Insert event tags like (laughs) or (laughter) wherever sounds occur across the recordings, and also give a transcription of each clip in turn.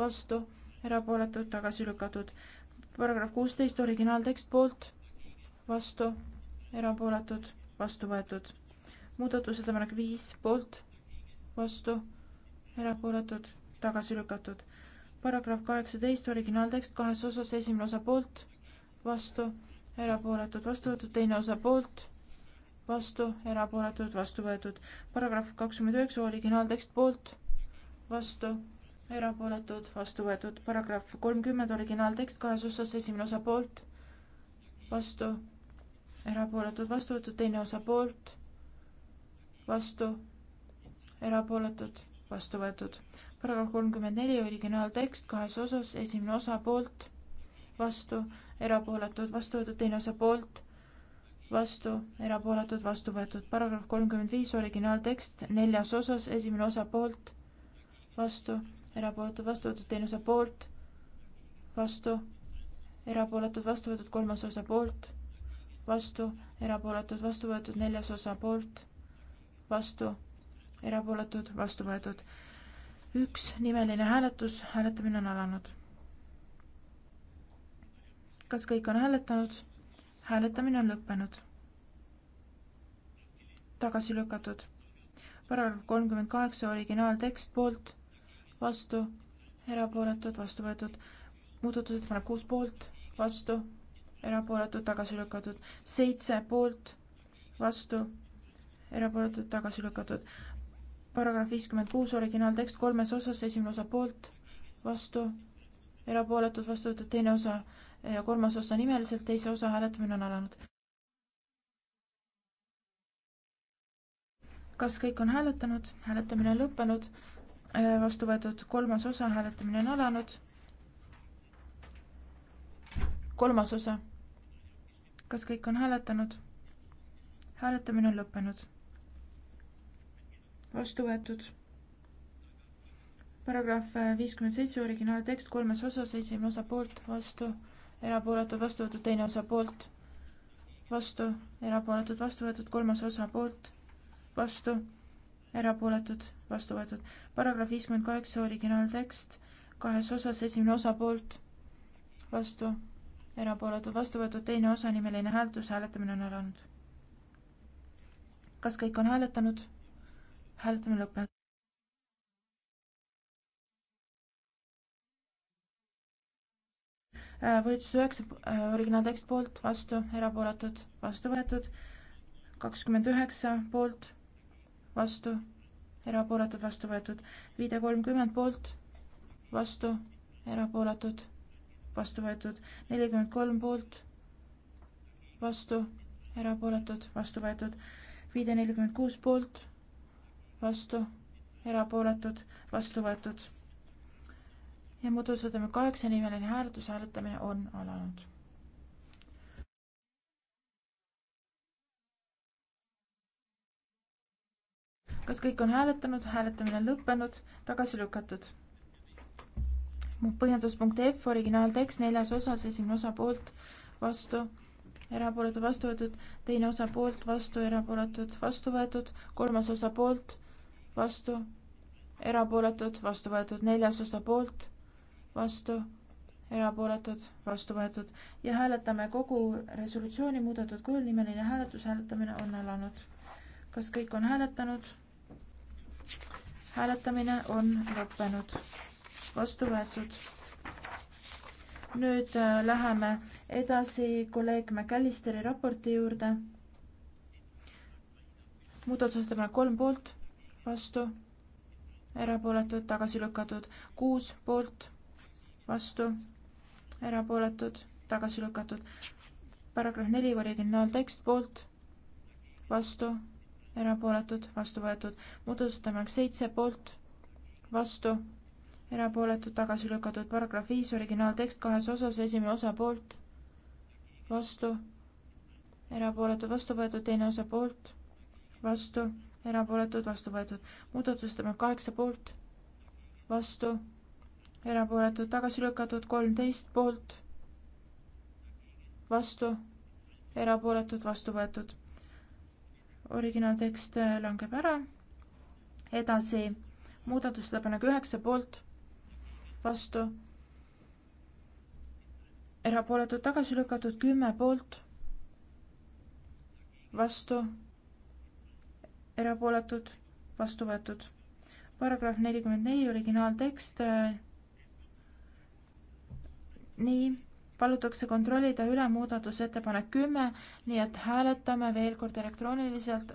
vastu, erapooletud, tagasi lükatud. paragrahv kuusteist, originaaltekst poolt, vastu, erapooletud, vastu võetud. muudatusettepanek viis poolt, vastu, erapooletud, tagasi lükatud. paragrahv kaheksateist, originaaltekst kahes osas, esimene osa poolt, vastu, erapooletud, vastu võetud, teine osa poolt vastu, erapooletud, vastu võetud. paragrahv kakskümmend üheksa, originaaltekst poolt, vastu, erapooletud, vastu võetud, paragrahv kolmkümmend, originaaltekst kahes osas, esimene osa poolt, vastu, erapooletud, vastu võetud, teine osa poolt, vastu, erapooletud, vastu võetud. paragrahv kolmkümmend neli, originaaltekst kahes osas, esimene osa poolt, vastu, erapooletud, vastu võetud, teine osa poolt, vastu, erapooletud, vastu võetud. paragrahv kolmkümmend viis, originaaltekst neljas osas, esimene osa poolt, vastu erapooletud, vastu võetud, teine osa poolt, vastu, erapooletud, vastu võetud, kolmas osa poolt, vastu, erapooletud, vastu võetud, neljas osa poolt, vastu, erapooletud, vastu võetud. üks nimeline hääletus, hääletamine on alanud. kas kõik on hääletanud? hääletamine on lõppenud. tagasi lükatud. paragrahv kolmkümmend kaheksa, originaaltekst poolt vastu, erapooletud, vastu võetud. muudatusettepanek kuus poolt, vastu, erapooletud, tagasi lükatud. seitse poolt, vastu, erapooletud, tagasi lükatud. paragrahv viiskümmend kuus, originaaltekst kolmes osas, esimene osa poolt, vastu, erapooletud, vastu võetud, teine osa ja kolmas osa nimeliselt, teise osa hääletamine on alanud. kas kõik on hääletanud? hääletamine on lõppenud Äh, vastu võetud, kolmas osa, hääletamine on alanud. kolmas osa. kas kõik on hääletanud? hääletamine on lõppenud. vastu võetud. paragrahv äh, viiskümmend seitse, originaaltekst, kolmes osas, esimene osa poolt, vastu, erapooletud, vastu võetud, teine osa poolt, vastu, erapooletud, vastu võetud, kolmas osa poolt, vastu erapooletud, vastu võetud. paragrahv viiskümmend kaheksa, originaaltekst, kahes osas, esimene osa poolt, vastu, erapooletud, vastu võetud, teine osa, nimeline hääletus, hääletamine on alanud. kas kõik on hääletanud? hääletamine lõpeb. valitsus üheksa äh,, originaaltekst poolt, vastu, erapooletud, vastu võetud, kakskümmend üheksa poolt vastu, erapooletud, vastu võetud. viide kolmkümmend poolt, vastu, erapooletud, vastu võetud. nelikümmend kolm poolt, vastu, erapooletud, vastu võetud. viide nelikümmend kuus poolt, vastu, erapooletud, vastu võetud. ja muudatusettepanek kaheksa nimeline hääletus, hääletamine on alanud kas kõik on hääletanud, hääletamine on lõppenud, tagasi lükatud. põhjenduspunkt F, originaaltekst neljas osas, esimene osa poolt, vastu, erapooletu, vastu võetud, teine osa poolt, vastu, erapooletud, vastu võetud, kolmas osa poolt, vastu, erapooletud, vastu võetud, neljas osa poolt, vastu, erapooletud, vastu võetud ja hääletame kogu resolutsiooni muudetud kujul, nimeline hääletus, hääletamine on alanud. kas kõik on hääletanud? hääletamine on lõppenud, vastu võetud. nüüd äh, läheme edasi kolleeg McAllisteri raporti juurde. muudatusettepanek kolm poolt, vastu, erapooletud, tagasi lükatud, kuus poolt, vastu, erapooletud, tagasi lükatud. paragrahv neli originaaltekst poolt, vastu erapooletud, vastu võetud. muudatusettepanek seitse poolt, vastu, erapooletud, tagasi lükatud. paragrahv viis, originaaltekst kahes osas, esimene osa poolt, vastu, erapooletud, vastu võetud, teine osa poolt, vastu, erapooletud, vastu võetud. muudatusettepanek kaheksa poolt, vastu, erapooletud, tagasi lükatud, kolmteist poolt, vastu, erapooletud, vastu võetud originaaltekst äh, langeb ära. edasi muudatusettepanek üheksa poolt, vastu, erapooletud tagasi lükatud kümme poolt, vastu, erapooletud, vastu võetud. paragrahv nelikümmend neli, originaaltekst. Äh, nii palutakse kontrollida üle muudatusettepanek kümme, nii et hääletame veel kord elektrooniliselt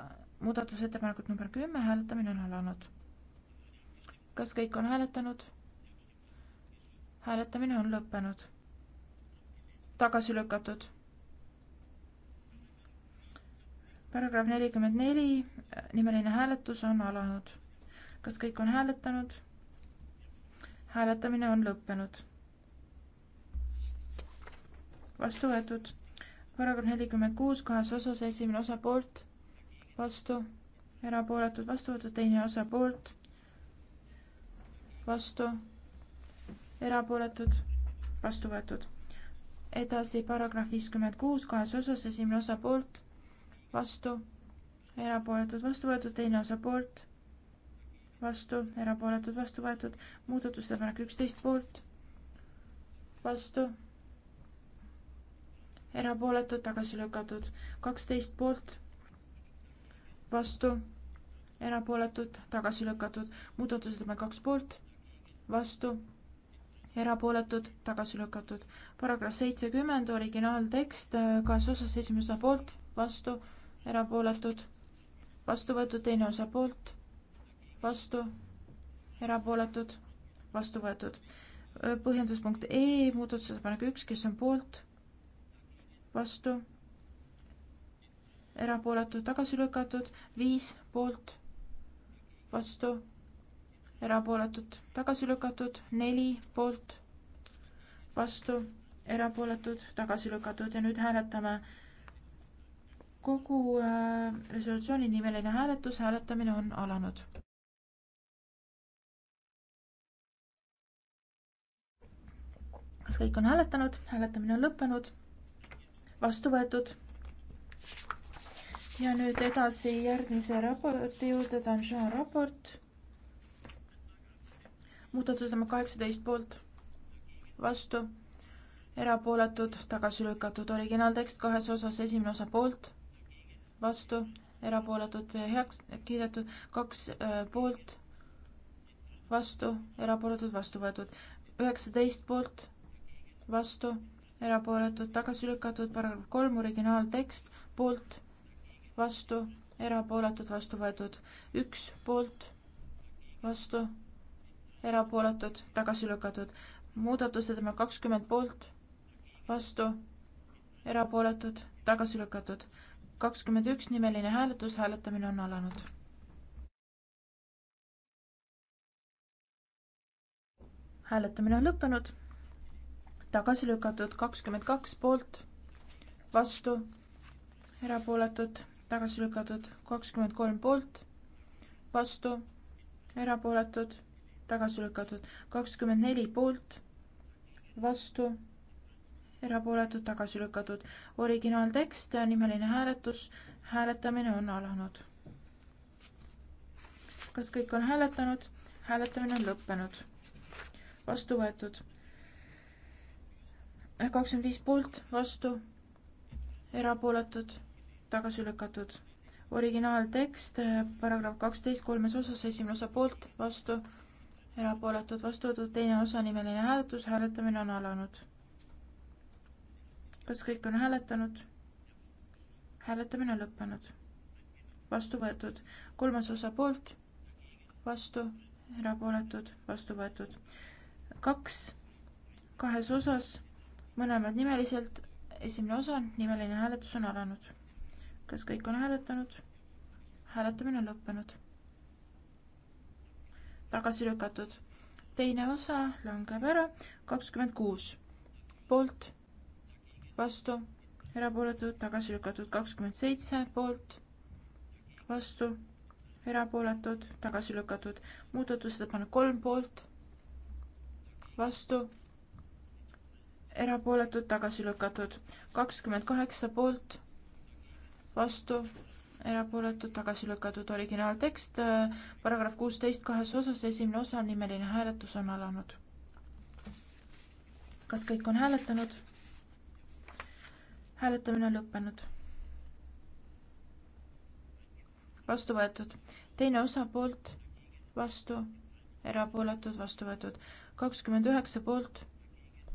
muudatusettepanekut number kümme, hääletamine on alanud. kas kõik on hääletanud? hääletamine on lõppenud. tagasi lükatud. paragrahv nelikümmend neli, nimeline hääletus on alanud. kas kõik on hääletanud? hääletamine on lõppenud vastu võetud. paragrahv nelikümmend kuus kahes osas, esimene osa poolt, vastu, erapooletud, vastu võetud, teine osa poolt, vastu, erapooletud, vastu võetud. edasi paragrahv viiskümmend kuus kahes osas, esimene osa poolt, vastu, erapooletud, vastu võetud, teine osa poolt vastu, erapooletud, vastu võetud, muudatusettepanek üksteist poolt, vastu, erapooletud, tagasi lükatud, kaksteist poolt, vastu, erapooletud, tagasi lükatud, muudatusettepanek kaks poolt, vastu, erapooletud, tagasi lükatud. paragrahv seitsekümmend, originaaltekst, kahes osas esimese osa poolt, vastu, erapooletud, vastu võetud, teine osa poolt, vastu, erapooletud, vastu võetud. põhjenduspunkt E, muudatusettepanek üks, kes on poolt vastu, erapooletud, tagasi lükatud, viis poolt, vastu, erapooletud, tagasi lükatud, neli poolt, vastu, erapooletud, tagasi lükatud ja nüüd hääletame kogu äh, resolutsiooni nimeline hääletus, hääletamine on alanud. kas kõik on hääletanud, hääletamine on lõppenud vastu võetud. ja nüüd edasi järgmise raporti juurde, ta on Jean raport. muudatusettepanek kaheksateist poolt, vastu, erapooletud, tagasi lükatud, originaaltekst kahes osas, esimene osa poolt, vastu, erapooletud, heaks kiidetud, kaks äh, poolt, vastu, erapooletud, vastu võetud, üheksateist poolt, vastu erapooletud, tagasi lükatud, paragrahv kolm, originaaltekst, poolt, vastu, erapooletud, vastu võetud, üks, poolt, vastu, erapooletud, tagasi lükatud, muudatused on kakskümmend poolt, vastu, erapooletud, tagasi lükatud, kakskümmend üks, nimeline hääletus, hääletamine on alanud. hääletamine on lõppenud tagasi lükatud, kakskümmend kaks poolt, vastu, erapooletud, tagasi lükatud, kakskümmend kolm poolt, vastu, erapooletud, tagasi lükatud, kakskümmend neli poolt, vastu, erapooletud, tagasi lükatud. originaaltekst ja nimeline hääletus, hääletamine on alanud. kas kõik on hääletanud? hääletamine on lõppenud. vastu võetud kakskümmend viis poolt, vastu, erapooletud, tagasi lükatud. originaaltekst, paragrahv kaksteist, kolmes osas, esimene osa poolt, vastu, erapooletud, vastu võetud, teine osa, nimeline hääletus, hääletamine on alanud. kas kõik on hääletanud? hääletamine on lõppenud. vastu võetud, kolmas osa poolt, vastu, erapooletud, vastu võetud. kaks, kahes osas, mõlemad nimeliselt, esimene osa, nimeline hääletus on alanud. kas kõik on hääletanud? hääletamine on lõppenud. tagasi lükatud. teine osa langeb ära, kakskümmend kuus poolt, vastu, erapooletud, tagasi lükatud, kakskümmend seitse poolt, vastu erapooletud, tagasi lükatud. muudatusettepanek kolm poolt, vastu, erapooletud, tagasi lükatud. kakskümmend kaheksa poolt, vastu, erapooletud, tagasi lükatud. originaaltekst, paragrahv kuusteist kahes osas, esimene osa, nimeline hääletus on alanud. kas kõik on hääletanud? hääletamine on lõppenud. vastu võetud. teine osa poolt, vastu, erapooletud, vastu võetud. kakskümmend üheksa poolt,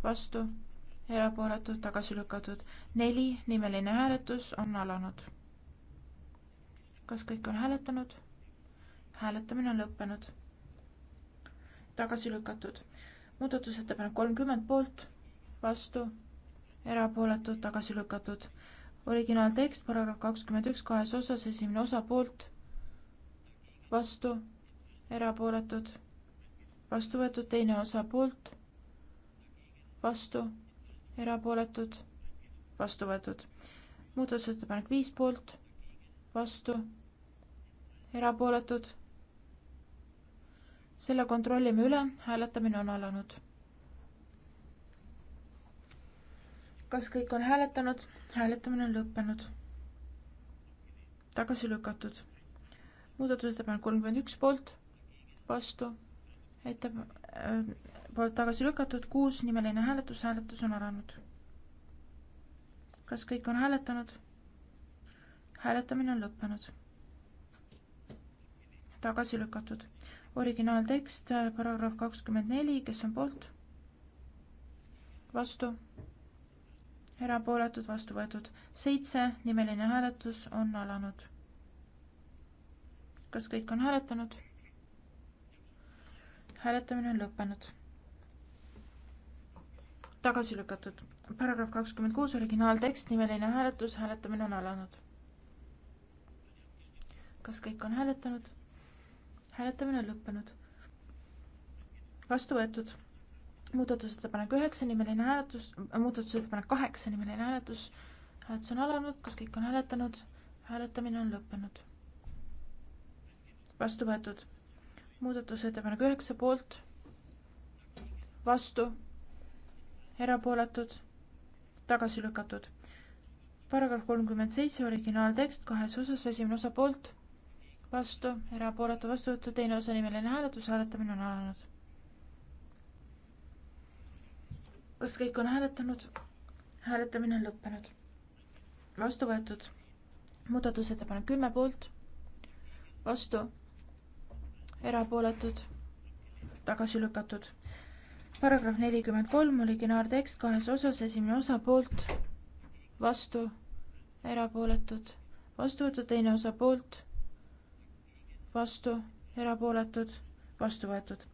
vastu erapooletud, tagasi lükatud. neli, nimeline hääletus on alanud. kas kõik on hääletanud? hääletamine on lõppenud. tagasi lükatud. muudatusettepanek kolmkümmend poolt, vastu, erapooletud, tagasi lükatud. originaaltekst, paragrahv kakskümmend üks, kahes osas, esimene osa poolt, vastu, erapooletud, vastu võetud, teine osa poolt, vastu erapooletud, vastu võetud. muudatusettepanek viis poolt, vastu, erapooletud. selle kontrollime üle, hääletamine on alanud. kas kõik on hääletanud? hääletamine on lõppenud. tagasi lükatud. muudatusettepanek kolmkümmend üks poolt, vastu, ette äh,, poolt tagasi lükatud, kuus nimeline hääletus, hääletus on alanud. kas kõik on hääletanud? hääletamine on lõppenud. tagasi lükatud. originaaltekst, äh, paragrahv kakskümmend neli, kes on poolt? vastu? erapooletud, vastu võetud. seitse, nimeline hääletus on alanud. kas kõik on hääletanud? hääletamine on lõppenud tagasi lükatud. paragrahv kakskümmend kuus, originaaltekst, nimeline hääletus, hääletamine on alanud. kas kõik on hääletanud? hääletamine on lõppenud. vastu võetud. muudatusettepanek üheksa, nimeline hääletus, äh, muudatusettepanek kaheksa, nimeline hääletus, hääletus on alanud, kas kõik on hääletanud? hääletamine on lõppenud. vastu võetud. muudatusettepanek üheksa poolt, vastu erapooletud, tagasi lükatud. paragrahv kolmkümmend seitse, originaaltekst kahes osas, esimene osa poolt, vastu, erapooletu, vastu võetud, teine osa nimeline hääletus, hääletamine on alanud. kas kõik on hääletanud? hääletamine on lõppenud. vastu võetud. muudatusettepanek kümme poolt, vastu, erapooletud, tagasi lükatud paragrahv nelikümmend kolm, originaartekst kahes osas, esimene osa poolt, vastu, erapooletud, vastu võetud, teine osa poolt, vastu, erapooletud, vastu võetud.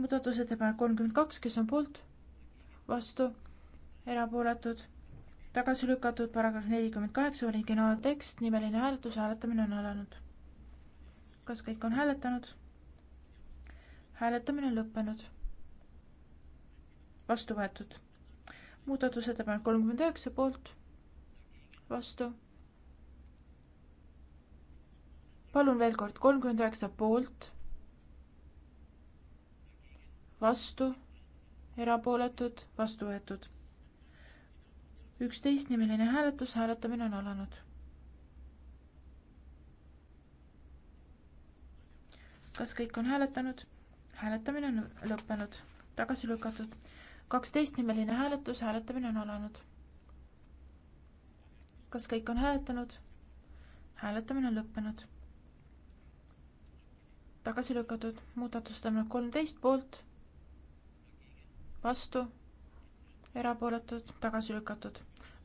muudatusettepanek kolmkümmend kaks, kes on poolt, vastu, erapooletud, tagasi lükatud, paragrahv nelikümmend kaheksa, originaaltekst, nimeline hääletus, hääletamine on alanud. kas kõik on hääletanud? hääletamine on lõppenud. vastu võetud. muudatusettepanek kolmkümmend üheksa poolt, vastu. palun veel kord, kolmkümmend üheksa poolt, vastu, erapooletud, vastu võetud üksteist nimeline hääletus, hääletamine on alanud. kas kõik on hääletanud? hääletamine on lõppenud, tagasi lükatud. kaksteist nimeline hääletus, hääletamine on alanud. kas kõik on hääletanud? hääletamine on lõppenud. tagasi lükatud, muudatusettepanek kolmteist poolt, vastu, erapooletud, tagasi lükatud.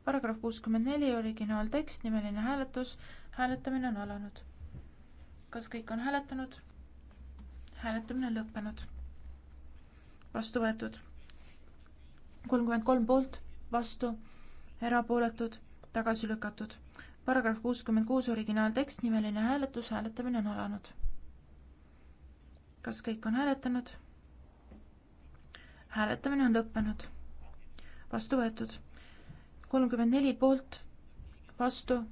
paragrahv kuuskümmend neli, originaaltekst, nimeline hääletus, hääletamine on alanud. kas kõik on hääletanud? hääletamine on lõppenud. vastu võetud. kolmkümmend kolm poolt, vastu, erapooletud, tagasi lükatud. paragrahv kuuskümmend kuus, originaaltekst, nimeline hääletus, hääletamine on alanud. kas kõik on hääletanud? hääletamine on lõppenud. vastu võetud. kolmkümmend neli poolt, vastu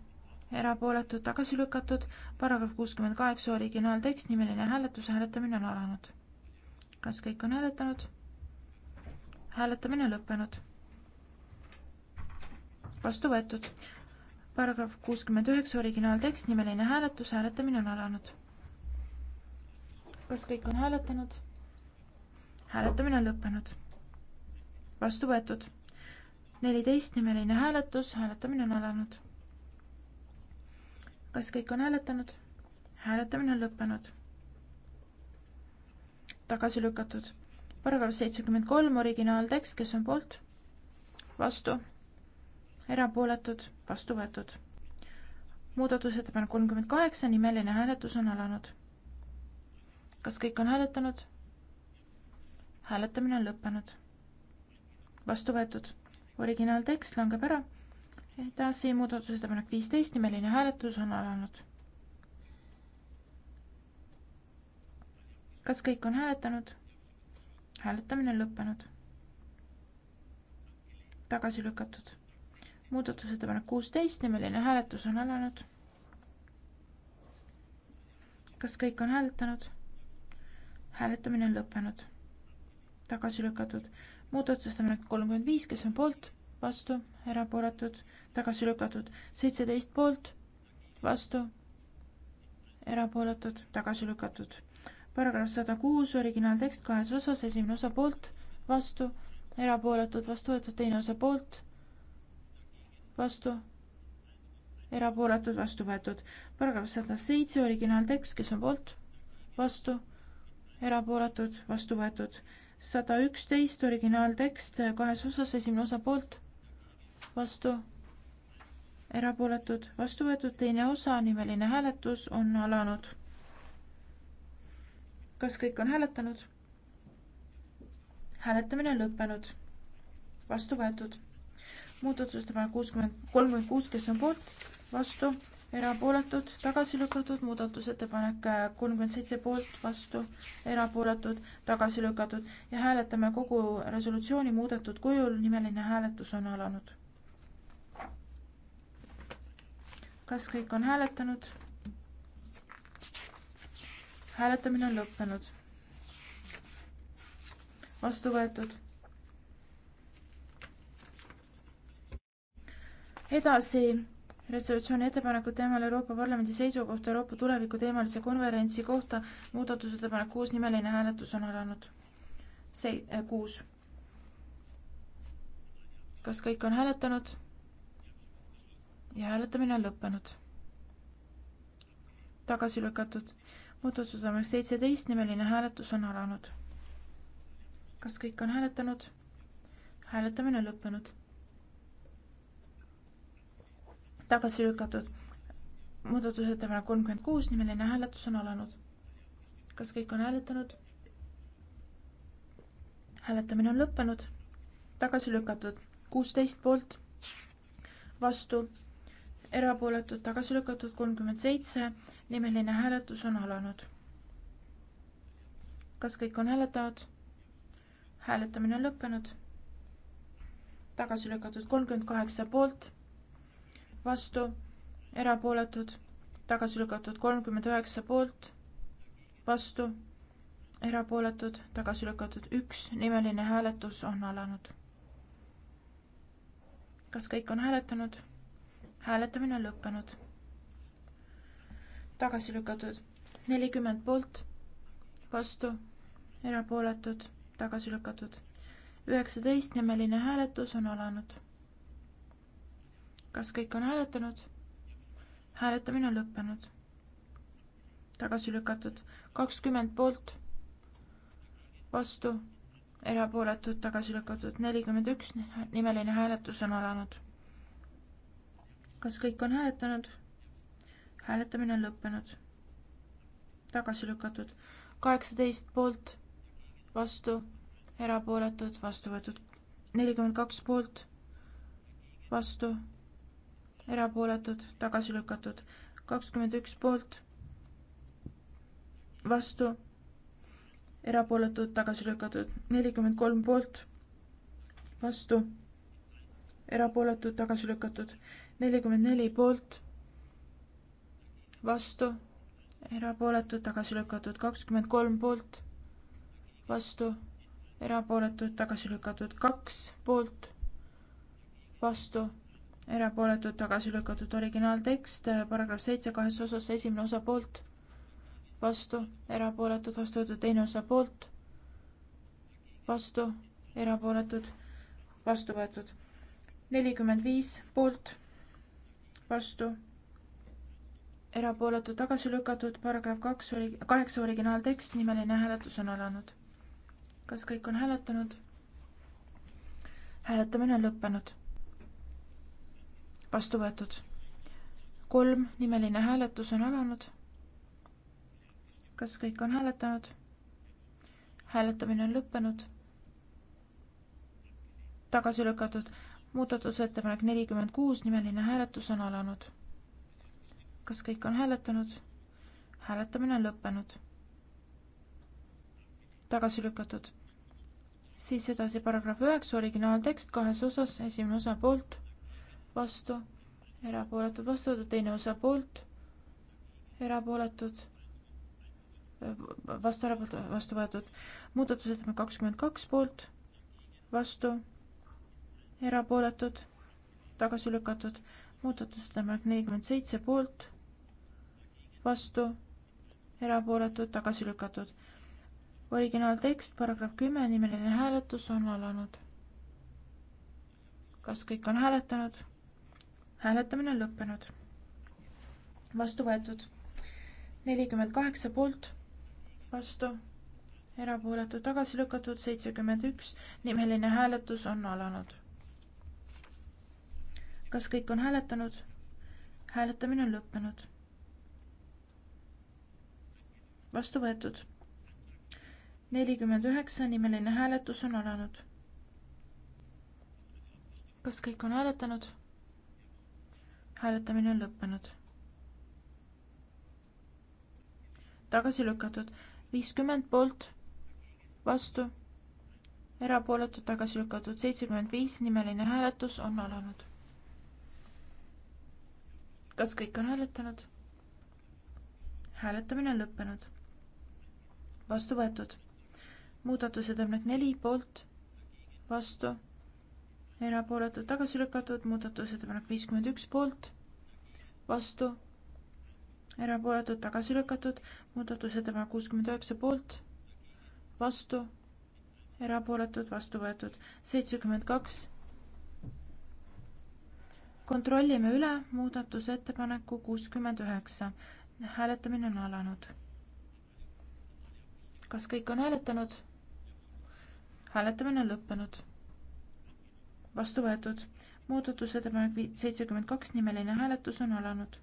erapooletud, tagasi lükatud, paragrahv kuuskümmend kaheksa, originaaltekst, nimeline hääletus, hääletamine on alanud. kas kõik on hääletanud? hääletamine lõppenud. vastu võetud. paragrahv kuuskümmend üheksa, originaaltekst, nimeline hääletus, hääletamine on alanud. kas kõik on hääletanud? hääletamine on lõppenud. vastu võetud. neliteist nimeline hääletus, hääletamine on alanud kas kõik on hääletanud? hääletamine on lõppenud. tagasi lükatud. paragrahv seitsekümmend kolm, originaaltekst, kes on poolt? vastu. erapooletud, vastu võetud. muudatusettepanek kolmkümmend kaheksa, nimeline hääletus on alanud. kas kõik on hääletanud? hääletamine on lõppenud. vastu võetud. originaaltekst langeb ära edasi muudatusettepanek viisteist, nimeline hääletus on alanud. kas kõik on hääletanud? hääletamine on lõppenud. tagasi lükatud. muudatusettepanek kuusteist, nimeline hääletus on alanud. kas kõik on hääletanud? hääletamine on lõppenud. tagasi lükatud. muudatusettepanek kolmkümmend viis, kes on poolt? vastu, erapooletud, tagasi lükatud, seitseteist poolt, vastu, erapooletud, tagasi lükatud. paragrahv sada kuus, originaaltekst kahes osas, esimene osa poolt, vastu, erapooletud, vastu võetud, teine osa poolt, vastu, erapooletud, vastu võetud. paragrahv sada seitse, originaaltekst, kes on poolt, vastu, erapooletud, vastu võetud sada üksteist originaaltekst kahes osas, esimene osa poolt, vastu, erapooletud, vastu võetud, teine osa, nimeline hääletus on alanud. kas kõik on hääletanud? hääletamine on lõppenud, vastu võetud. muudatusettepanek kuuskümmend, kolmkümmend kuus, kes on poolt, vastu, erapooletud, tagasi lükatud, muudatusettepanek kolmkümmend seitse poolt, vastu, erapooletud, tagasi lükatud ja hääletame kogu resolutsiooni muudetud kujul, nimeline hääletus on alanud kas kõik on hääletanud? hääletamine on lõppenud. vastu võetud. edasi resolutsiooni ettepaneku teemal Euroopa Parlamendi seisukoht Euroopa tuleviku teemalise konverentsi kohta. muudatusettepanek kuus, nimeline hääletus on alanud. see äh,, kuus. kas kõik on hääletanud? ja hääletamine on lõppenud. tagasi lükatud. muudatusettepanek seitseteist, nimeline hääletus on alanud. kas kõik on hääletanud? hääletamine on lõppenud. tagasi lükatud. muudatusettepanek kolmkümmend kuus, nimeline hääletus on alanud. kas kõik on hääletanud? hääletamine on lõppenud. tagasi lükatud. kuusteist poolt, vastu erapooletud tagasi lükatud kolmkümmend seitse, nimeline hääletus on alanud. kas kõik on hääletanud? hääletamine on lõppenud. tagasi lükatud kolmkümmend kaheksa poolt, vastu, erapooletud, tagasi lükatud kolmkümmend üheksa poolt, vastu, erapooletud, tagasi lükatud üks, nimeline hääletus on alanud. kas kõik on hääletanud? hääletamine on lõppenud. tagasi lükatud nelikümmend poolt, vastu, erapooletud, tagasi lükatud. üheksateist nimeline hääletus on alanud. kas kõik on hääletanud? hääletamine on lõppenud. tagasi lükatud kakskümmend poolt, vastu, erapooletud, tagasi lükatud nelikümmend üks nimeline hääletus on alanud kas kõik on hääletanud? hääletamine on lõppenud. tagasi lükatud. kaheksateist poolt, vastu, erapooletud, vastu võetud. nelikümmend kaks poolt, vastu, erapooletud, tagasi lükatud. kakskümmend üks poolt, vastu, erapooletud, tagasi lükatud. nelikümmend kolm poolt, vastu erapooletud tagasi lükatud, nelikümmend neli poolt, vastu, erapooletud, tagasi lükatud, kakskümmend kolm poolt, vastu, erapooletud, tagasi lükatud, kaks poolt, vastu, erapooletud, tagasi lükatud, originaaltekst, paragrahv seitse kahes osas, esimene osa poolt, vastu, erapooletud, vastu võetud, teine osa poolt, vastu, erapooletud, vastu võetud, nelikümmend viis poolt vastu, erapooletu tagasi lükatud, paragrahv kaks oli, kaheksa originaaltekst, nimeline hääletus on alanud. kas kõik on hääletanud? hääletamine on lõppenud. vastu võetud. kolm, nimeline hääletus on alanud. kas kõik on hääletanud? hääletamine on lõppenud. tagasi lükatud muudatusettepanek nelikümmend kuus, nimeline hääletus on alanud. kas kõik on hääletanud? hääletamine on lõppenud. tagasi lükatud. siis edasi paragrahv üheksa, originaaltekst kahes osas, esimene osa poolt, vastu, erapooletud, vastu võetud, teine osa poolt, erapooletud, vastu, erapooletud, vastu võetud. muudatusettepanek kakskümmend kaks poolt, vastu erapooletud, tagasi lükatud. muudatusettepanek nelikümmend seitse poolt, vastu, erapooletud, tagasi lükatud. originaaltekst, paragrahv kümme, nimeline hääletus on alanud. kas kõik on hääletanud? hääletamine on lõppenud. vastu võetud. nelikümmend kaheksa poolt, vastu erapooletu tagasi lükatud seitsekümmend üks, nimeline hääletus on alanud kas kõik on hääletanud? hääletamine on lõppenud. vastu võetud. nelikümmend üheksa nimeline hääletus on alanud. kas kõik on hääletanud? hääletamine on lõppenud. tagasi lükatud viiskümmend poolt, vastu, erapooletud tagasi lükatud seitsekümmend viis nimeline hääletus on alanud kas kõik on hääletanud? hääletamine on lõppenud. vastu võetud. muudatusettepanek neli poolt, vastu, erapooletud, tagasi lükatud, muudatusettepanek viiskümmend üks poolt, vastu, erapooletud, tagasi lükatud, muudatusettepanek kuuskümmend üheksa poolt, vastu, erapooletud, vastu võetud, seitsekümmend kaks kontrollime üle muudatusettepaneku kuuskümmend üheksa. hääletamine on alanud. kas kõik on hääletanud? hääletamine on lõppenud. vastu võetud. muudatusettepanek seitsekümmend kaks, nimeline hääletus on alanud.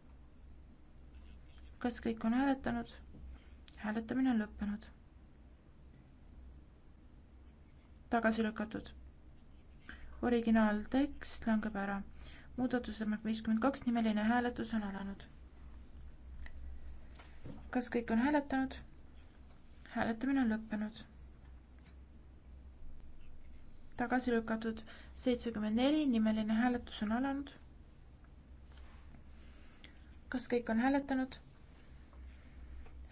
kas kõik on hääletanud? hääletamine on lõppenud. tagasi lükatud. originaaltekst langeb ära muudatusettepanek viiskümmend kaks, nimeline hääletus on alanud. kas kõik on hääletanud? hääletamine on lõppenud. tagasi lükatud seitsekümmend neli, nimeline hääletus on alanud. kas kõik on hääletanud?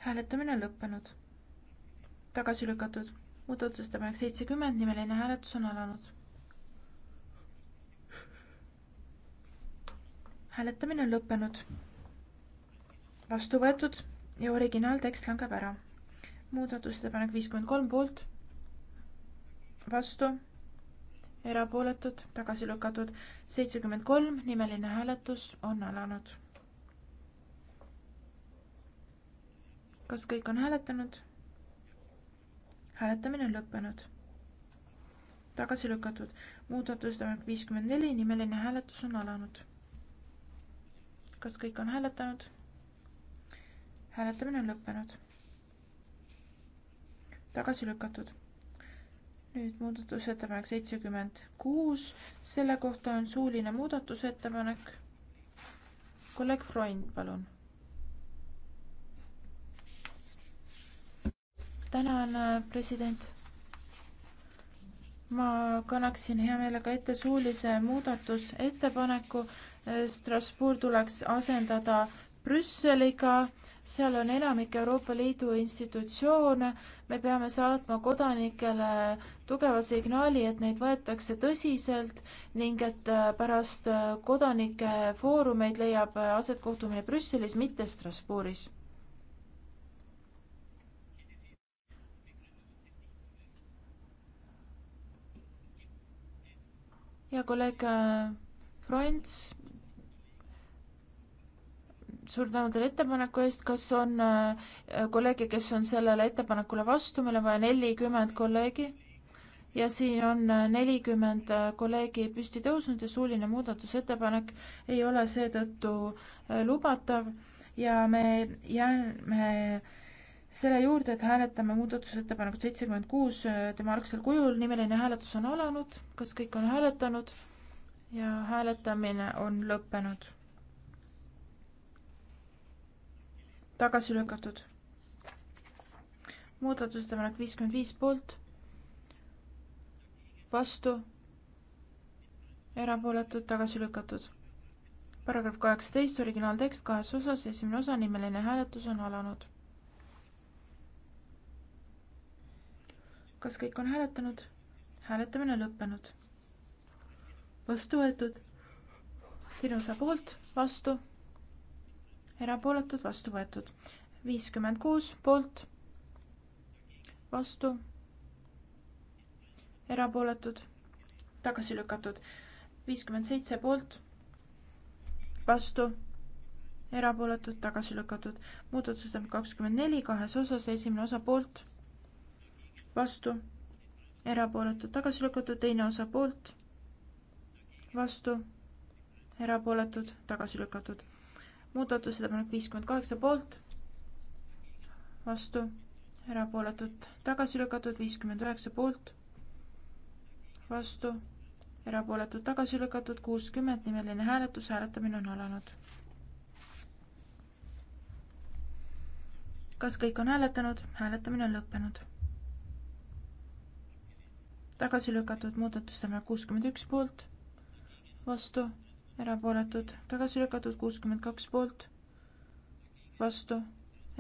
hääletamine on lõppenud. tagasi lükatud muudatusettepanek seitsekümmend, nimeline hääletus on alanud hääletamine on lõppenud. vastu võetud ja originaaltekst langeb ära. muudatusettepanek viiskümmend kolm poolt, vastu, erapooletud, tagasi lükatud, seitsekümmend kolm, nimeline hääletus on alanud. kas kõik on hääletanud? hääletamine on lõppenud. tagasi lükatud, muudatusettepanek viiskümmend neli, nimeline hääletus on alanud kas kõik on hääletanud? hääletamine on lõppenud. tagasi lükatud. nüüd muudatusettepanek seitsekümmend kuus, selle kohta on suuline muudatusettepanek. kolleeg Freund, palun. tänan, president ma kannaksin hea meelega ette suulise muudatusettepaneku. Strasbourg tuleks asendada Brüsseliga, seal on enamik Euroopa Liidu institutsioone. me peame saatma kodanikele tugeva signaali, et neid võetakse tõsiselt ning et äh, pärast äh, kodanike foorumeid leiab äh, aset kohtumine Brüsselis, mitte Strasbourgis. hea kolleeg äh, Franz, suur tänu teile ettepaneku eest, kas on äh, kolleege, kes on sellele ettepanekule vastu, meil on vaja nelikümmend kolleegi ja siin on äh, nelikümmend kolleegi püsti tõusnud ja suuline muudatusettepanek ei ole seetõttu lubatav ja me jääme selle juurde, et hääletame muudatusettepanekut seitsekümmend kuus äh, tema algsel kujul, nimeline hääletus on alanud, kas kõik on hääletanud ja hääletamine on lõppenud. tagasi lükatud. muudatusettepanek viiskümmend viis poolt, vastu, erapooletud, tagasi lükatud. paragrahv kaheksateist, originaaltekst kahes osas, esimene osa, nimeline hääletus on alanud kas kõik on hääletanud? hääletamine lõppenud. vastu võetud. Tinusa poolt, vastu. erapooletud, vastu võetud. viiskümmend kuus poolt, vastu. erapooletud, tagasi lükatud. viiskümmend seitse poolt, vastu erapooletud, tagasi lükatud. muudatusettepanek kakskümmend neli, kahes osas, esimene osa poolt vastu, erapooletud, tagasi lükatud, teine osa poolt, vastu, erapooletud, tagasi lükatud. muudatusettepanek viiskümmend kaheksa poolt, vastu, erapooletud, tagasi lükatud, viiskümmend üheksa poolt, vastu, erapooletud, tagasi lükatud, kuuskümmend, nimeline hääletus, hääletamine on alanud. kas kõik on hääletanud? hääletamine on lõppenud tagasi lükatud muudatusettepanek kuuskümmend üks poolt, vastu, erapooletud, tagasi lükatud kuuskümmend kaks poolt, vastu,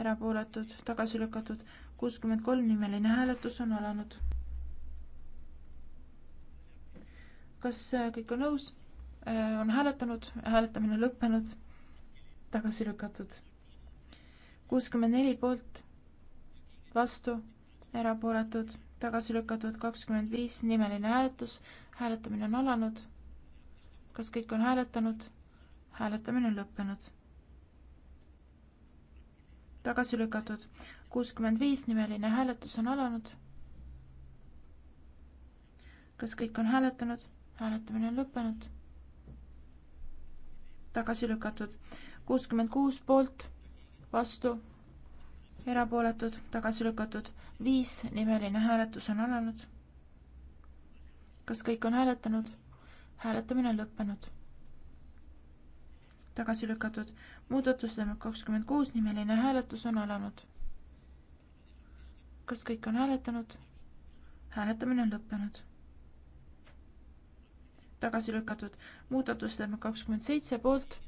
erapooletud, tagasi lükatud kuuskümmend kolm, nimeline hääletus on alanud. kas äh, kõik on nõus? Äh, on hääletanud, hääletamine lõppenud, tagasi lükatud. kuuskümmend neli poolt, vastu, erapooletud tagasi lükatud kakskümmend viis, nimeline hääletus, hääletamine on alanud. kas kõik on hääletanud? hääletamine on lõppenud. tagasi lükatud kuuskümmend viis, nimeline hääletus on alanud. kas kõik on hääletanud? hääletamine on lõppenud. tagasi lükatud kuuskümmend kuus poolt, vastu erapooletud, tagasi lükatud, viis, nimeline hääletus on alanud. kas kõik on hääletanud? hääletamine on lõppenud. tagasi lükatud, muudatusettepanek kakskümmend kuus, nimeline hääletus on alanud. kas kõik on hääletanud? hääletamine on lõppenud. tagasi lükatud, muudatusettepanek kakskümmend seitse poolt,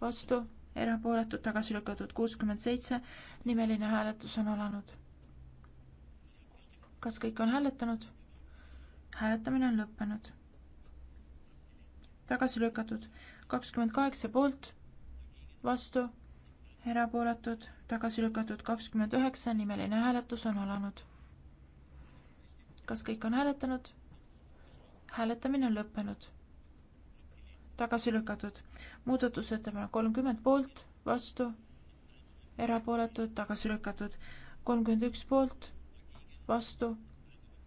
vastu erapooletud, tagasi lükatud kuuskümmend seitse, nimeline hääletus on alanud. kas kõik on hääletanud? hääletamine on lõppenud. tagasi lükatud kakskümmend kaheksa poolt, vastu, erapooletud, tagasi lükatud kakskümmend üheksa, nimeline hääletus on alanud. kas kõik on hääletanud? hääletamine on lõppenud tagasi lükatud. muudatusettepanek kolmkümmend poolt, vastu, erapooletud, tagasi lükatud. kolmkümmend üks poolt, vastu,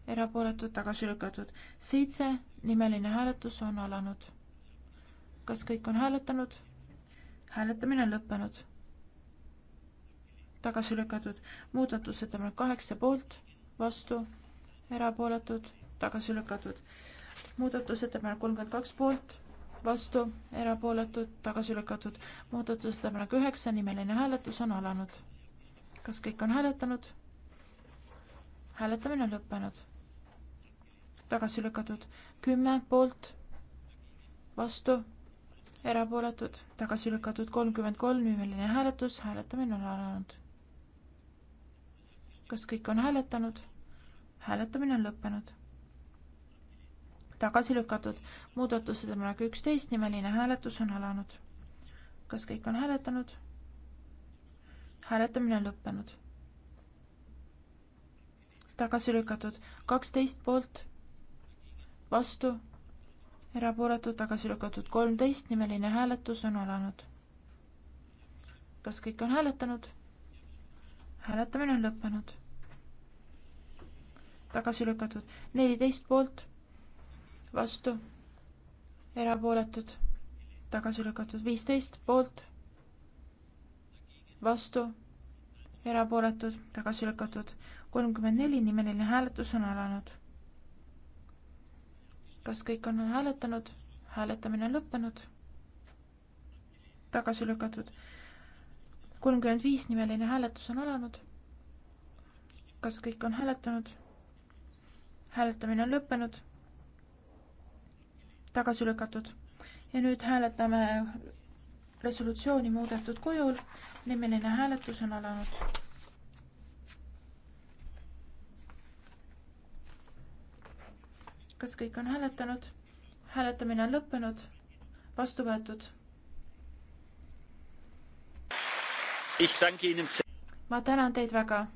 erapooletud, tagasi lükatud. seitse, nimeline hääletus on alanud. kas kõik on hääletanud? hääletamine on lõppenud. tagasi lükatud. muudatusettepanek kaheksa poolt, vastu, erapooletud, tagasi lükatud. muudatusettepanek kolmkümmend kaks poolt vastu, erapooletud, tagasi lükatud. muudatusettepanek üheksa, nimeline hääletus on alanud. kas kõik on hääletanud? hääletamine on lõppenud. tagasi lükatud kümme poolt, vastu, erapooletud, tagasi lükatud kolmkümmend kolm, nimeline hääletus, hääletamine on alanud. kas kõik on hääletanud? hääletamine on lõppenud tagasi lükatud. muudatusettepanek üksteist, nimeline hääletus on alanud. kas kõik on hääletanud? hääletamine on lõppenud. tagasi lükatud kaksteist poolt, vastu, erapooletud, tagasi lükatud kolmteist, nimeline hääletus on alanud. kas kõik on hääletanud? hääletamine on lõppenud. tagasi lükatud neliteist poolt vastu, erapooletud, tagasi lükatud, viisteist poolt, vastu, erapooletud, tagasi lükatud, kolmkümmend neli, nimeline hääletus on alanud. kas kõik on hääletanud? hääletamine on lõppenud, tagasi lükatud, kolmkümmend viis, nimeline hääletus on alanud. kas kõik on hääletanud? hääletamine on lõppenud tagasi lükatud. ja nüüd hääletame resolutsiooni muudetud kujul. nimeline hääletus on alanud. kas kõik on hääletanud? hääletamine on lõppenud. vastu võetud. ma tänan teid väga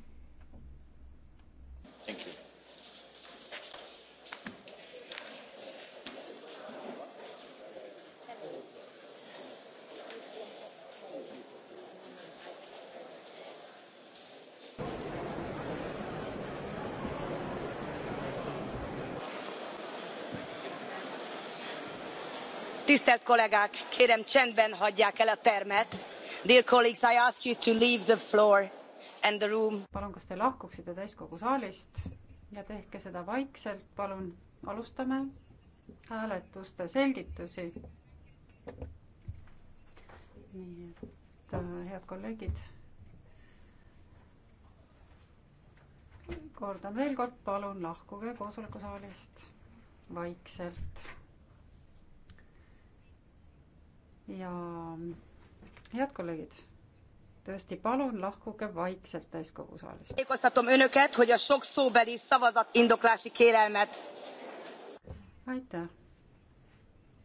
tisztelt kollégák kérem csendben hagyják el a termet. Dear colleagues, I ask you to leave the floor and the room. palun, kas te lahkuksite täiskogu saalist ja tehke seda vaikselt, palun. alustame hääletuste selgitusi. nii et äh, head kolleegid. kordan veel kord, palun lahkuge koosolekusaalist vaikselt ja head kolleegid, tõesti, palun lahkuge vaikselt täiskogu saalist. aitäh.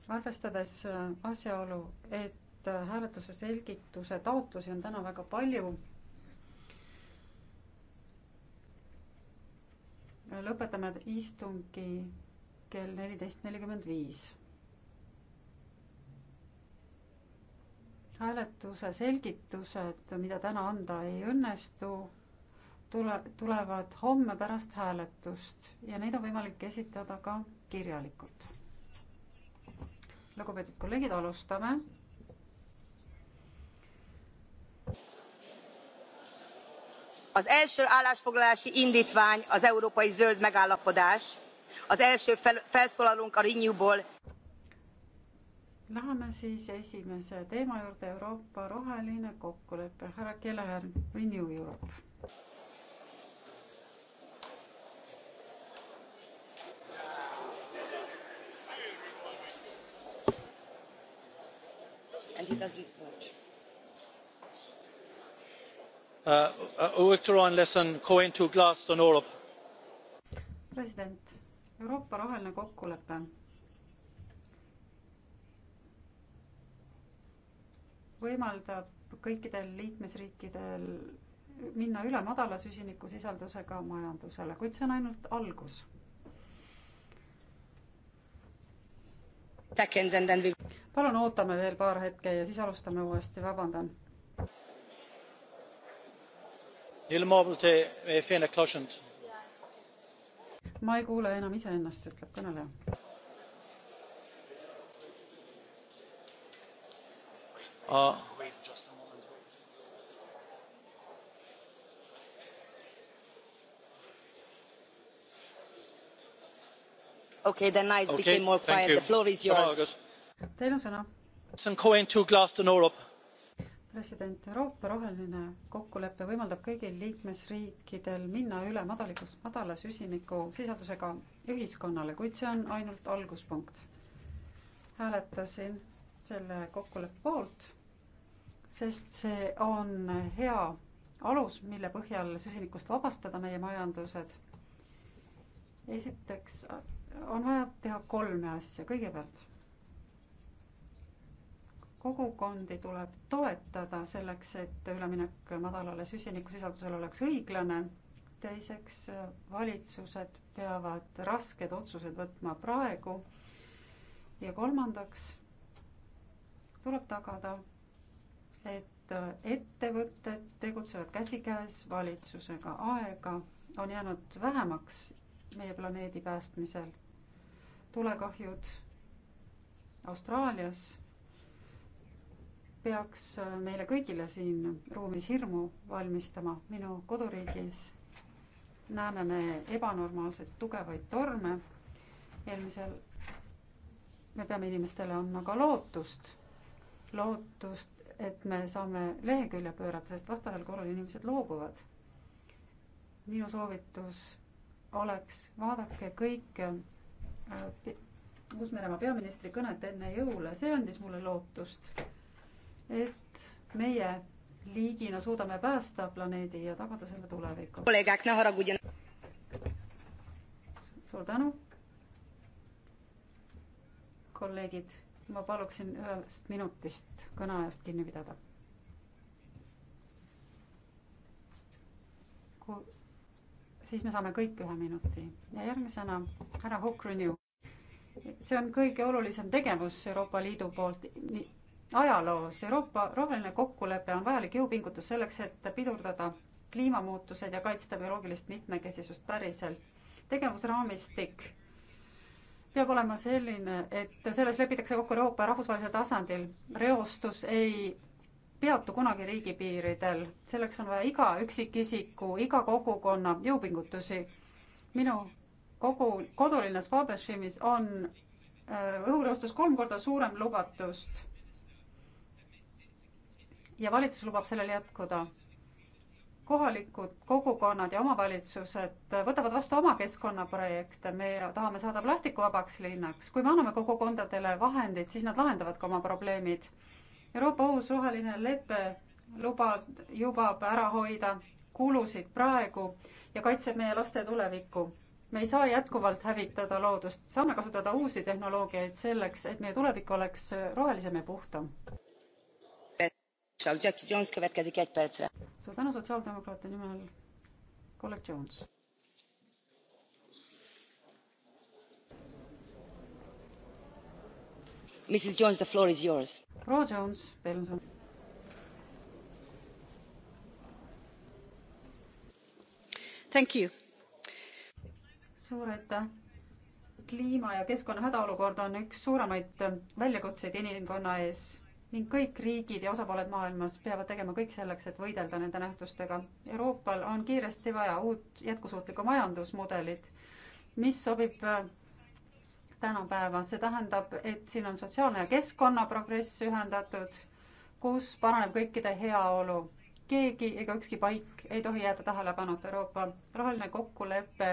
arvestades äh, asjaolu, et äh, hääletuse selgituse taotlusi on täna väga palju, lõpetame istungi kell neliteist nelikümmend viis hääletuse selgitused, mida täna anda ei õnnestu, tule, tulevad homme pärast hääletust ja neid on võimalik esitada ka kirjalikult. lugupeetud kolleegid, alustame az első állásfoglalási indtvány az európai zöld megállapodás az első felszólalónk a renew ból. Läheme siis esimese teema juurde, Euroopa roheline kokkulepe. härra Keller, Renew Europe. and he doesn't vote. Uh, uh, president euroopa roheline kokkulepe võimaldab kõikidel liikmesriikidel minna üle madala süsinikusisaldusega majandusele, kuid see on ainult algus. palun ootame veel paar hetke ja siis alustame uuesti, vabandan. ma ei kuule enam iseennast, ütleb kõneleja. a uh, Okay, then I okay, became more quiet. The floor is yours. Teil on sõna. See on Cohen to Glaston Europe president, Euroopa roheline kokkulepe võimaldab kõigil liikmesriikidel minna üle madalikust, madala süsiniku sisaldusega ühiskonnale, kuid see on ainult alguspunkt. hääletasin selle kokkuleppe poolt sest see on hea alus, mille põhjal süsinikust vabastada meie majandused. esiteks on vaja teha kolme asja, kõigepealt kogukondi tuleb toetada selleks, et üleminek madalale süsinikusisaldusele oleks õiglane. teiseks, valitsused peavad rasked otsused võtma praegu. ja kolmandaks tuleb tagada et äh, ettevõtted tegutsevad käsikäes valitsusega. aega on jäänud vähemaks meie planeedi päästmisel. tulekahjud Austraalias peaks äh, meile kõigile siin ruumis hirmu valmistama. minu koduriigis näeme me ebanormaalselt tugevaid torme. eelmisel me peame inimestele andma ka lootust lootust, et me saame lehekülje pöörata, sest vastasel korral inimesed loobuvad. minu soovitus oleks, vaadake kõike äh, Uus-Meremaa peaministri kõnet enne jõule, see andis mulle lootust, et meie liigina suudame päästa planeedi ja tagada selle tuleviku. suur tänu. kolleegid ma paluksin ühest minutist kõneajast kinni pidada. siis me saame kõik ühe minuti ja järgmisena härra Hukk-Renew. see on kõige olulisem tegevus Euroopa Liidu poolt nii ajaloos. Euroopa roheline kokkulepe on vajalik jõupingutus selleks, et pidurdada kliimamuutused ja kaitsta bioloogilist mitmekesisust päriselt. tegevusraamistik peab olema selline, et selles lepitakse kokku Euroopa rahvusvahelisel tasandil. reostus ei peatu kunagi riigipiiridel, selleks on vaja iga üksikisiku, iga kogukonna jõupingutusi. minu kogu kodulinnas Fabershimis on äh, õhureostus kolm korda suurem lubatust. ja valitsus lubab sellel jätkuda kohalikud kogukonnad ja omavalitsused võtavad vastu oma keskkonnaprojekte, me tahame saada plastikuvabaks linnaks, kui me anname kogukondadele vahendid, siis nad lahendavad ka oma probleemid. Euroopa uus roheline lepe lubab, jubab ära hoida kulusid praegu ja kaitseb meie laste tulevikku. me ei saa jätkuvalt hävitada loodust, saame kasutada uusi tehnoloogiaid selleks, et meie tulevik oleks rohelisem ja puhtam suur tänu sotsiaaldemokraatide nimel, kolleeg Jones. Mrs Jones, the floor is yours. proua Jones, teil on sõna. Thank you. suur aitäh kliima ja keskkonna hädaolukord on üks suuremaid väljakutseid inimkonna ees ning kõik riigid ja osapooled maailmas peavad tegema kõik selleks, et võidelda nende nähtustega. Euroopal on kiiresti vaja uut jätkusuutlikku majandusmudelit, mis sobib äh, tänapäeva, see tähendab, et siin on sotsiaalne ja keskkonnaprogress ühendatud, kus paraneb kõikide heaolu. keegi ega ükski paik ei tohi jääda tähelepanuta, Euroopa roheline kokkulepe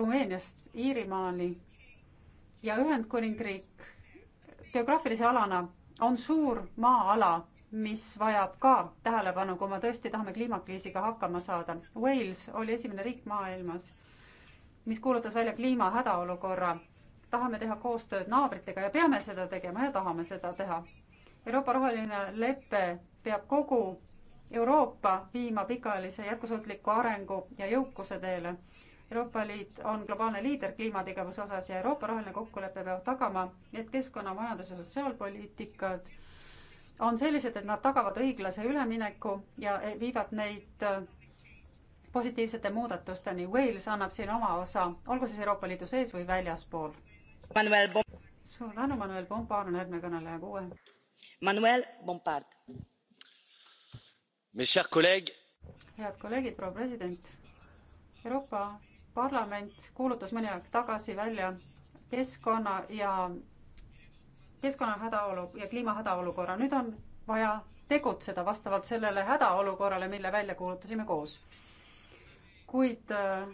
Rumeeniast Iirimaani ja Ühendkuningriik geograafilise alana on suur maa-ala, mis vajab ka tähelepanu, kui me tõesti tahame kliimakriisiga hakkama saada. Wales oli esimene riik maailmas, mis kuulutas välja kliimahädaolukorra. tahame teha koostööd naabritega ja peame seda tegema ja tahame seda teha. Euroopa roheline lepe peab kogu Euroopa viima pikaajalise jätkusuutliku arengu ja jõukuse teele Euroopa Liit on globaalne liider kliimategevuse osas ja Euroopa roheline kokkulepe peab tagama, et keskkonna, majandus ja sotsiaalpoliitikad on sellised, et nad tagavad õiglase ülemineku ja viivad meid äh, positiivsete muudatusteni. Wales annab siin oma osa, olgu siis Euroopa Liidu sees või väljaspool. Manuel Bom-. suur tänu, Manuel Bompard on järgmine kõneleja, kuue. Manuel Bompard. head kolleegid, proua president. Euroopa parlament kuulutas mõni aeg tagasi välja keskkonna ja keskkonna hädaolu ja kliima hädaolukorra. nüüd on vaja tegutseda vastavalt sellele hädaolukorrale, mille välja kuulutasime koos. kuid äh,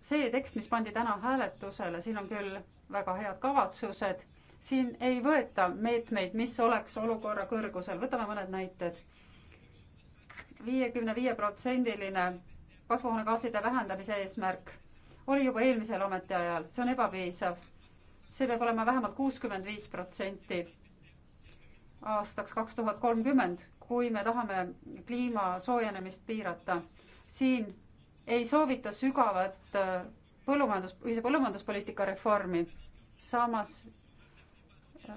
see tekst, mis pandi täna hääletusele, siin on küll väga head kavatsused, siin ei võeta meetmeid, mis oleks olukorra kõrgusel, võtame mõned näited. viiekümne viie protsendiline kasvuhoonegaaside vähendamise eesmärk oli juba eelmisel ametiajal, see on ebapiisav. see peab olema vähemalt kuuskümmend viis protsenti aastaks kaks tuhat kolmkümmend, kui me tahame kliima soojenemist piirata. siin ei soovita sügavat äh, põllumajandus, ühise põllumajanduspoliitika reformi. samas äh,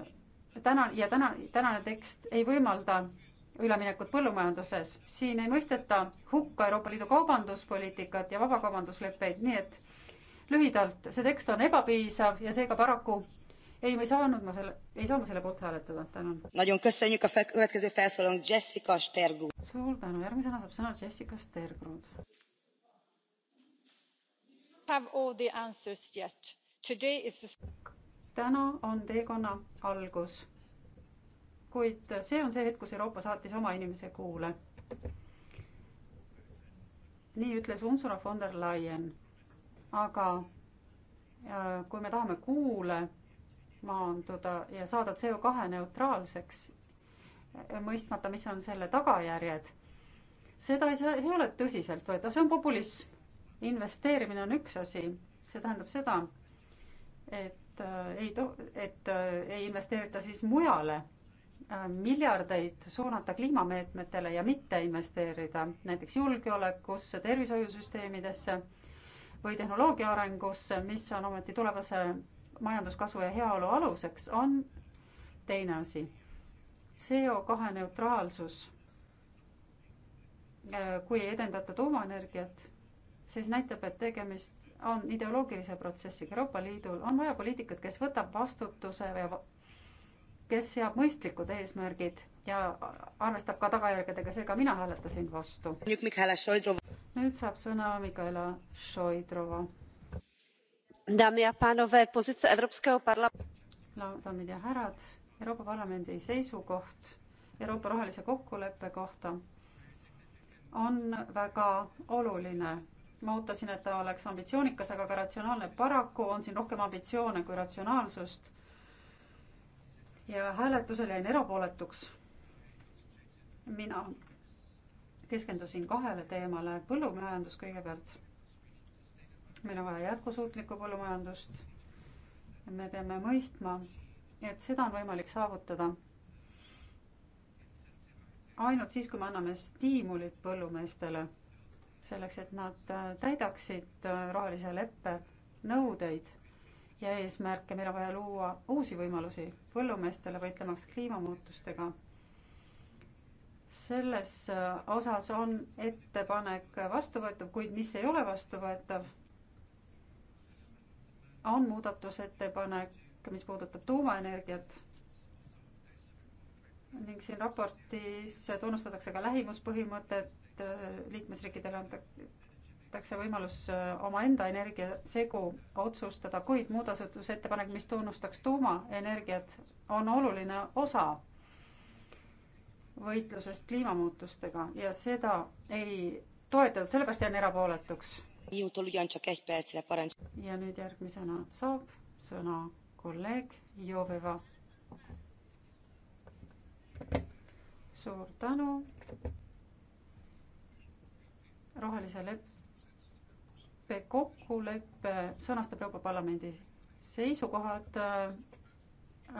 täna ja täna, tänane tekst ei võimalda üleminekut põllumajanduses. siin ei mõisteta hukka Euroopa Liidu kaubanduspoliitikat ja vabakaubandusleppeid, nii et lühidalt, see tekst on ebapiisav ja seega paraku ei, ma ei saanud ma selle, ei saa ma selle poolt hääletada, tänan. suur tänu, järgmisena saab sõna Jessica Stergrud. täna on teekonna algus kuid see on see hetk, kus Euroopa saatis oma inimese kuule. nii ütles Ursula von der Leyen. aga äh, kui me tahame kuule maanduda ja saada CO2 neutraalseks, äh, mõistmata, mis on selle tagajärjed, seda ei saa, ei ole tõsiselt võetav, see on populism. investeerimine on üks asi, see tähendab seda, et äh, ei to-, et ei investeerita siis mujale Äh, miljardeid suunata kliimameetmetele ja mitte investeerida näiteks julgeolekusse, tervishoiusüsteemidesse või tehnoloogia arengusse, mis on ometi tulevase majanduskasvu ja heaolu aluseks, on teine asi. CO kahe neutraalsus. Äh, kui ei edendata tuumaenergiat, siis näitab, et tegemist on ideoloogilise protsessiga. Euroopa Liidul on vaja poliitikat, kes võtab vastutuse ja kes seab mõistlikud eesmärgid ja arvestab ka tagajärgedega, seega mina hääletasin vastu. nüüd saab sõna Mikaela Šoidrova. no daamid ja härrad, Euroopa Parlamendi seisukoht Euroopa rohelise kokkuleppe kohta on väga oluline. ma ootasin, et ta oleks ambitsioonikas, aga ka ratsionaalne. paraku on siin rohkem ambitsioone kui ratsionaalsust ja hääletusel jäin erapooletuks. mina keskendusin kahele teemale, põllumajandus kõigepealt. meil on vaja jätkusuutlikku põllumajandust. me peame mõistma, et seda on võimalik saavutada ainult siis, kui me anname stiimulid põllumeestele selleks, et nad täidaksid rohelise leppe nõudeid ja eesmärke, meil on vaja luua uusi võimalusi põllumeestele võitlemaks kliimamuutustega. selles äh, osas on ettepanek vastuvõetav, kuid mis ei ole vastuvõetav, on muudatusettepanek, mis puudutab tuumaenergiat ning siin raportis tunnustatakse ka lähimuspõhimõtet, äh, liikmesriikidele anta, antakse võimalus äh, omaenda energiasegu otsustada, kuid muudatusettepanek, mis tunnustaks tuumaenergiat, on oluline osa võitlusest kliimamuutustega ja seda ei toetatud, sellepärast jään erapooletuks. ja nüüd järgmisena saab sõna kolleeg Joveva. suur tänu rohelise leppe kokkulepe sõnastab Euroopa Parlamendi seisukohad äh,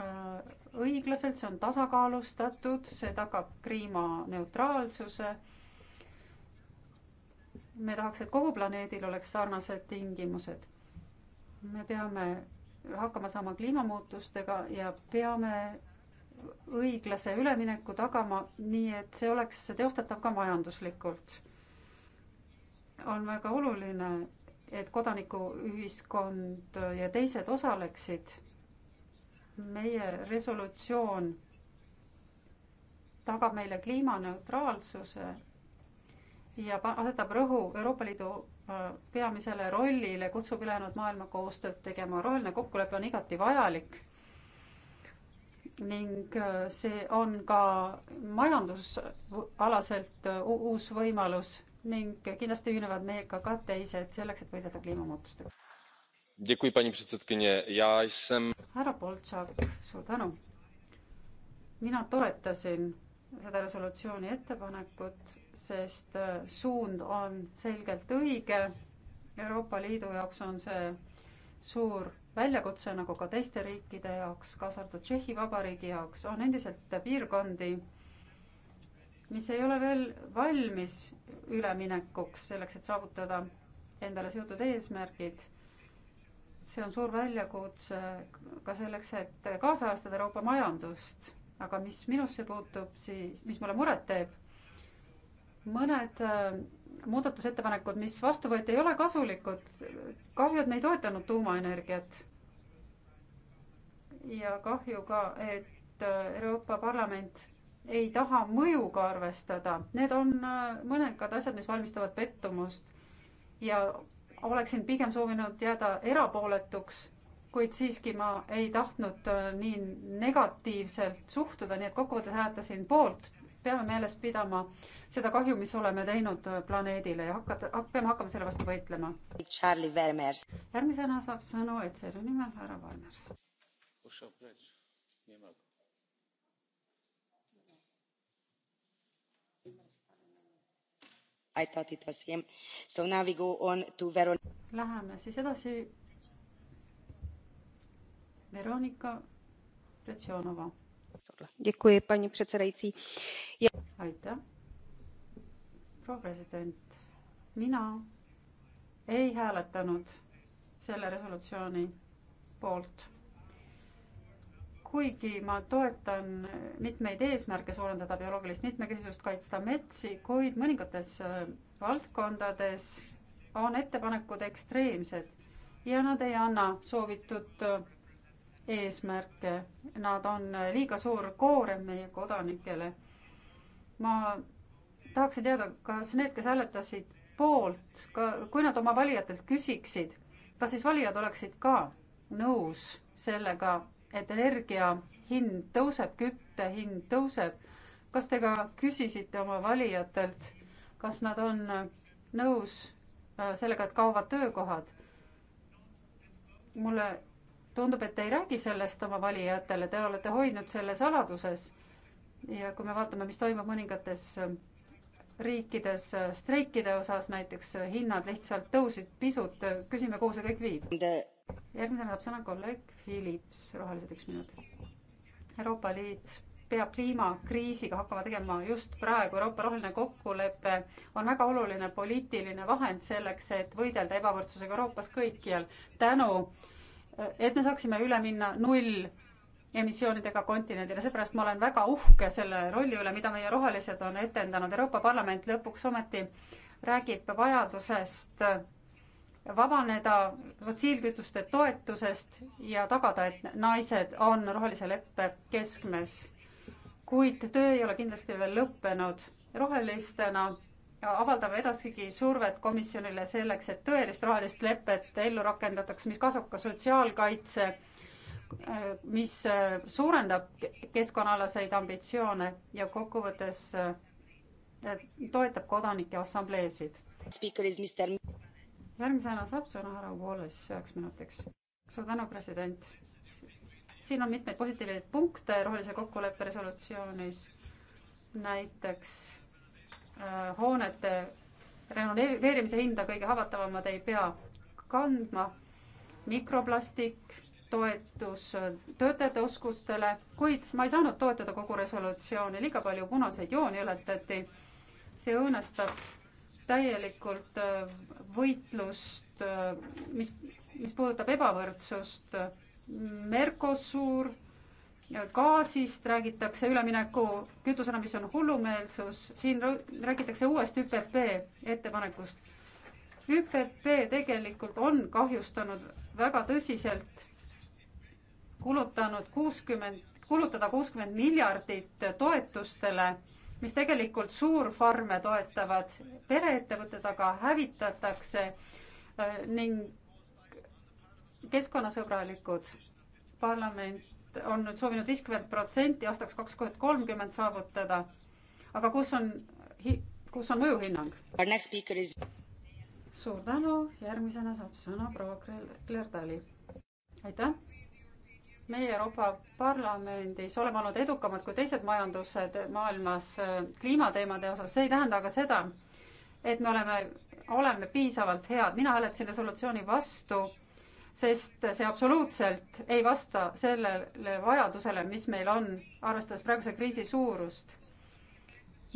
õiglaselt, see on tasakaalustatud, see tagab kliimaneutraalsuse. me tahaks, et kogu planeedil oleks sarnased tingimused. me peame hakkama saama kliimamuutustega ja peame õiglase ülemineku tagama, nii et see oleks teostatav ka majanduslikult. on väga oluline et kodanikuühiskond ja teised osaleksid. meie resolutsioon tagab meile kliimaneutraalsuse ja asetab rõhu Euroopa Liidu äh, peamisele rollile, kutsub ülejäänud maailma koostööd tegema. roheline kokkulepe on igati vajalik. ning äh, see on ka majandusalaselt äh, uus võimalus ning kindlasti ühinevad meiega ka teised selleks, et võidelda kliimamuutustega. härra Boltšak, suur tänu. mina toetasin seda resolutsiooni ettepanekut, sest äh, suund on selgelt õige. Euroopa Liidu jaoks on see suur väljakutse, nagu ka teiste riikide jaoks, kaasa arvatud Tšehhi Vabariigi jaoks, on endiselt piirkondi mis ei ole veel valmis üleminekuks selleks, et saavutada endale seatud eesmärgid. see on suur väljakutse ka selleks, et kaasajastada Euroopa majandust, aga mis minusse puutub, siis mis mulle muret teeb, mõned äh, muudatusettepanekud, mis vastu võeti, ei ole kasulikud. kahju, et me ei toetanud tuumaenergiat. ja kahju ka, et äh, Euroopa Parlament ei taha mõjuga arvestada, need on äh, mõned asjad, mis valmistavad pettumust. ja oleksin pigem soovinud jääda erapooletuks, kuid siiski ma ei tahtnud äh, nii negatiivselt suhtuda, nii et kokkuvõttes hääletasin poolt. peame meeles pidama seda kahju, mis oleme teinud äh, planeedile ja hakata hak,, peame hakkama selle vastu võitlema. järgmisena saab sõnu ETSR-i nimel härra Valmers. I thought it was him. So now we go on to Veron-. Läheme siis edasi. Veronika Pretšonova. Děkuji, paní předsedající. Je... Aitäh. proua president, mina ei hääletanud selle resolutsiooni poolt kuigi ma toetan mitmeid eesmärke suurendada bioloogilist mitmekesisust, kaitsta metsi, kuid mõningates äh, valdkondades on ettepanekud ekstreemsed ja nad ei anna soovitud äh, eesmärke. Nad on äh, liiga suur koorem meie kodanikele. ma tahaksin teada, kas need, kes hääletasid poolt, ka kui nad oma valijatelt küsiksid, kas siis valijad oleksid ka nõus sellega, et energia hind tõuseb, kütte hind tõuseb. kas te ka küsisite oma valijatelt, kas nad on nõus äh, sellega, et kaovad töökohad? mulle tundub, et te ei räägi sellest oma valijatele, te olete hoidnud selle saladuses. ja kui me vaatame, mis toimub mõningates äh, riikides äh, streikide osas näiteks hinnad lihtsalt tõusid pisut, küsime, kuhu see kõik viib? järgmisena saab sõna kolleeg Philips, rohelised üks minut. Euroopa Liit peab kliimakriisiga hakkama tegema just praegu. Euroopa roheline kokkulepe on väga oluline poliitiline vahend selleks, et võidelda ebavõrdsusega Euroopas kõikjal. tänu, et me saaksime üle minna null emissioonidega kontinendile, seepärast ma olen väga uhke selle rolli üle, mida meie rohelised on etendanud. Euroopa Parlament lõpuks ometi räägib vajadusest vabaneda fossiilkütuste toetusest ja tagada, et naised on rohelise leppe keskmes. kuid töö ei ole kindlasti veel lõppenud. rohelistena avaldame edaspidi survet komisjonile selleks, et tõelist rohelist lepet ellu rakendataks, mis kasvab ka sotsiaalkaitse, mis äh, suurendab keskkonnaalaseid ambitsioone ja kokkuvõttes äh, toetab kodanike assambleesid järgmisena saab sõna härra Wallace üheks minutiks. suur tänu, president. siin on mitmeid positiivseid punkte rohelise kokkuleppe resolutsioonis, näiteks äh, hoonete renoveerimise hinda kõige haavatavamad ei pea kandma, mikroplastik, toetus äh, töötajate oskustele, kuid ma ei saanud toetada kogu resolutsiooni, liiga palju punaseid jooni ületati. see õõnestab täielikult äh, võitlust, mis, mis puudutab ebavõrdsust. Mercosur, gaasist räägitakse ülemineku kütusena, mis on hullumeelsus, siin räägitakse uuest ÜPP ettepanekust. ÜPP tegelikult on kahjustanud väga tõsiselt, kulutanud kuuskümmend, kulutada kuuskümmend miljardit toetustele mis tegelikult suurfarme toetavad, pereettevõtted aga hävitatakse äh, ning keskkonnasõbralikud parlament on nüüd soovinud viiskümmend protsenti aastaks kaks tuhat kolmkümmend saavutada. aga kus on, kus on mõjuhinnang? Is... suur tänu, järgmisena saab sõna proua Kler-, Klerdali. aitäh meie Euroopa Parlamendis oleme olnud edukamad kui teised majandused maailmas äh, kliimateemade osas, see ei tähenda aga seda, et me oleme, oleme piisavalt head. mina hääletasin resolutsiooni vastu, sest see absoluutselt ei vasta sellele vajadusele, mis meil on, arvestades praeguse kriisi suurust.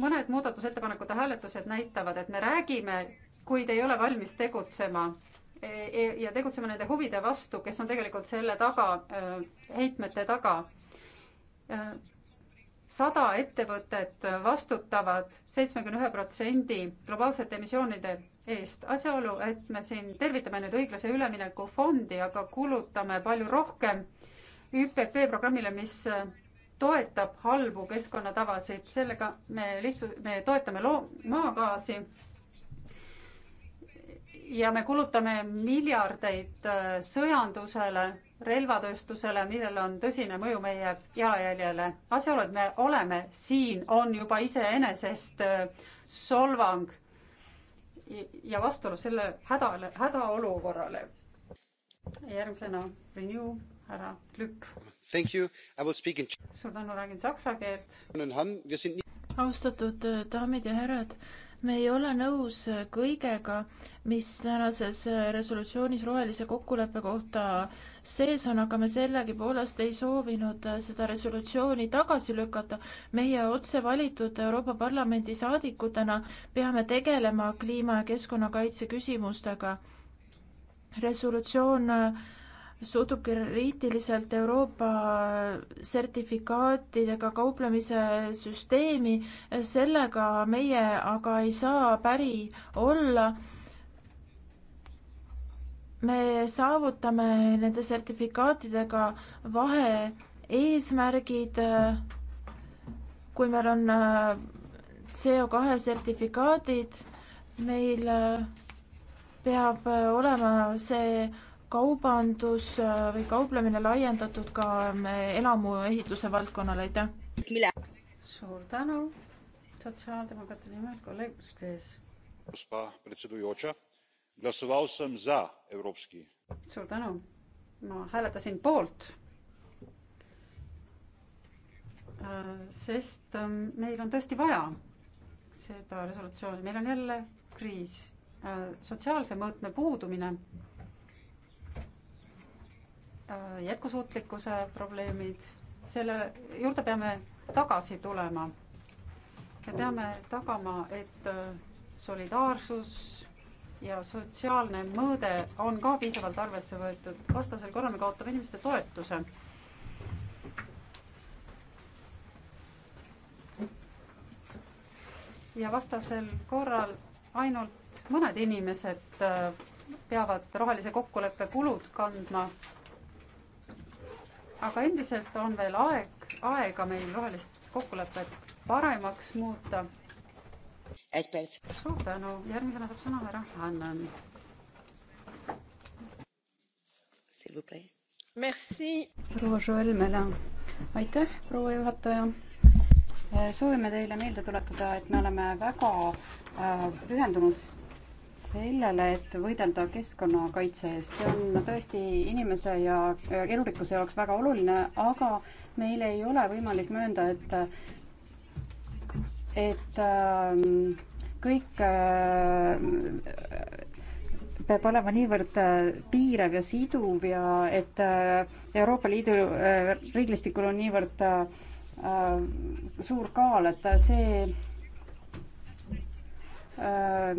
mõned muudatusettepanekute hääletused näitavad, et me räägime, kuid ei ole valmis tegutsema E, ja tegutsema nende huvide vastu, kes on tegelikult selle taga, e, heitmete taga. E, sada ettevõtet vastutavad seitsmekümne ühe protsendi globaalsete emissioonide eest. asjaolu, et me siin tervitame nüüd õiglase ülemineku fondi, aga kulutame palju rohkem ÜPP programmile, mis toetab halbu keskkonnatavasid, sellega me lihtsalt, me toetame loo-, maagaasi ja me kulutame miljardeid äh, sõjandusele, relvatööstusele, millel on tõsine mõju meie jalajäljele. asjaolu, et me oleme siin, on juba iseenesest äh, solvang ja vastuolu selle hädale, hädaolukorrale. järgmisena Renew härra Lükk. In... suur tänu, räägin saksa keelt. austatud äh, daamid ja härrad me ei ole nõus kõigega, mis tänases resolutsioonis rohelise kokkuleppe kohta sees on, aga me sellegipoolest ei soovinud seda resolutsiooni tagasi lükata. meie otse valitud Euroopa Parlamendi saadikutena peame tegelema kliima ja keskkonnakaitse küsimustega. resolutsioon suhtub kriitiliselt Euroopa sertifikaatidega kauplemise süsteemi, sellega meie aga ei saa päri olla. me saavutame nende sertifikaatidega vahe-eesmärgid, kui meil on äh, CO kahe sertifikaadid, meil äh, peab äh, olema see kaubandus äh, või kauplemine laiendatud ka ähm, elamuehituse valdkonnale, aitäh! suur tänu, sotsiaaldemokraatide nimel kolleeg Uskes. suur tänu, ma hääletasin poolt, äh, sest ähm, meil on tõesti vaja seda resolutsiooni, meil on jälle kriis, äh, sotsiaalse mõõtme puudumine Äh, jätkusuutlikkuse probleemid, selle juurde peame tagasi tulema. me peame tagama, et äh, solidaarsus ja sotsiaalne mõõde on ka piisavalt arvesse võetud, vastasel korral me kaotame inimeste toetuse. ja vastasel korral ainult mõned inimesed äh, peavad rohelise kokkuleppe kulud kandma aga endiselt on veel aeg, aega meil rohelist kokkulepet paremaks muuta. suur tänu, järgmisena saab sõna härra Hannan. proua Joel Melan, aitäh, proua juhataja soovime teile meelde tuletada, et me oleme väga äh, pühendunud sellele, et võidelda keskkonnakaitse eest, see on tõesti inimese ja elurikkuse jaoks väga oluline, aga meil ei ole võimalik möönda, et, et ähm, kõik äh, peab olema niivõrd äh, piirav ja siduv ja et äh, Euroopa Liidu reeglistikul on niivõrd suur kaal, et see Äh,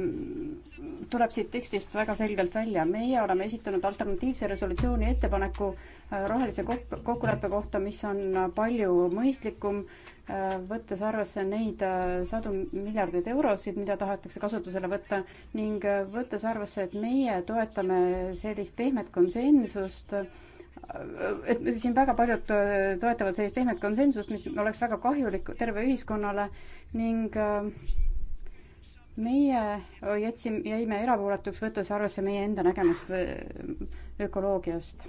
tuleb siit tekstist väga selgelt välja. meie oleme esitanud alternatiivse resolutsiooni ettepaneku äh, rohelise kokkuleppe kohta, mis on palju mõistlikum, äh, võttes arvesse neid sadu miljardeid eurosid, mida tahetakse kasutusele võtta ning võttes arvesse, et meie toetame sellist pehmet konsensust, et siin väga paljud toetavad sellist pehmet konsensust, mis oleks väga kahjulik terve ühiskonnale ning äh, meie jätsime, jäime erapooletuks, võttes arvesse meie enda nägemust ökoloogiast.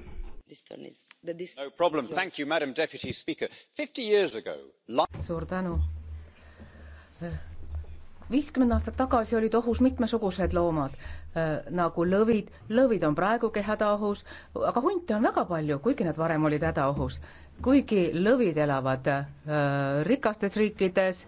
suur tänu. viiskümmend aastat tagasi olid ohus mitmesugused loomad äh, nagu lõvid, lõvid on praegugi hädaohus, aga hunte on väga palju, kuigi nad varem olid hädaohus kuigi lõvid elavad äh, rikastes riikides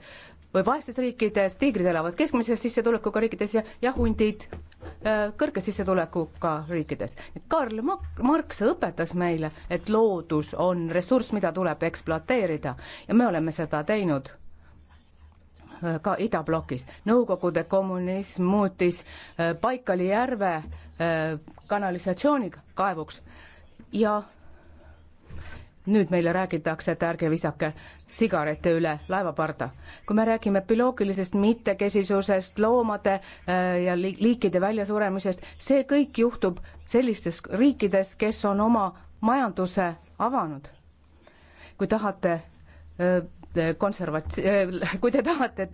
või vaestes riikides, tiigrid elavad keskmise sissetulekuga riikides ja, ja hundid äh, kõrge sissetulekuga riikides. Karl Marx õpetas meile, et loodus on ressurss, mida tuleb ekspluateerida ja me oleme seda teinud äh, ka idablokis. Nõukogude kommunism muutis Baikali äh, järve kanalisatsiooni kaevuks ja nüüd meile räägitakse, et ärge visake sigarette üle laevaparda. kui me räägime bioloogilisest mittekesisusest, loomade äh, ja liikide väljasuremisest, see kõik juhtub sellistes riikides, kes on oma majanduse avanud. kui tahate äh, konservat-, äh, (laughs) kui te tahate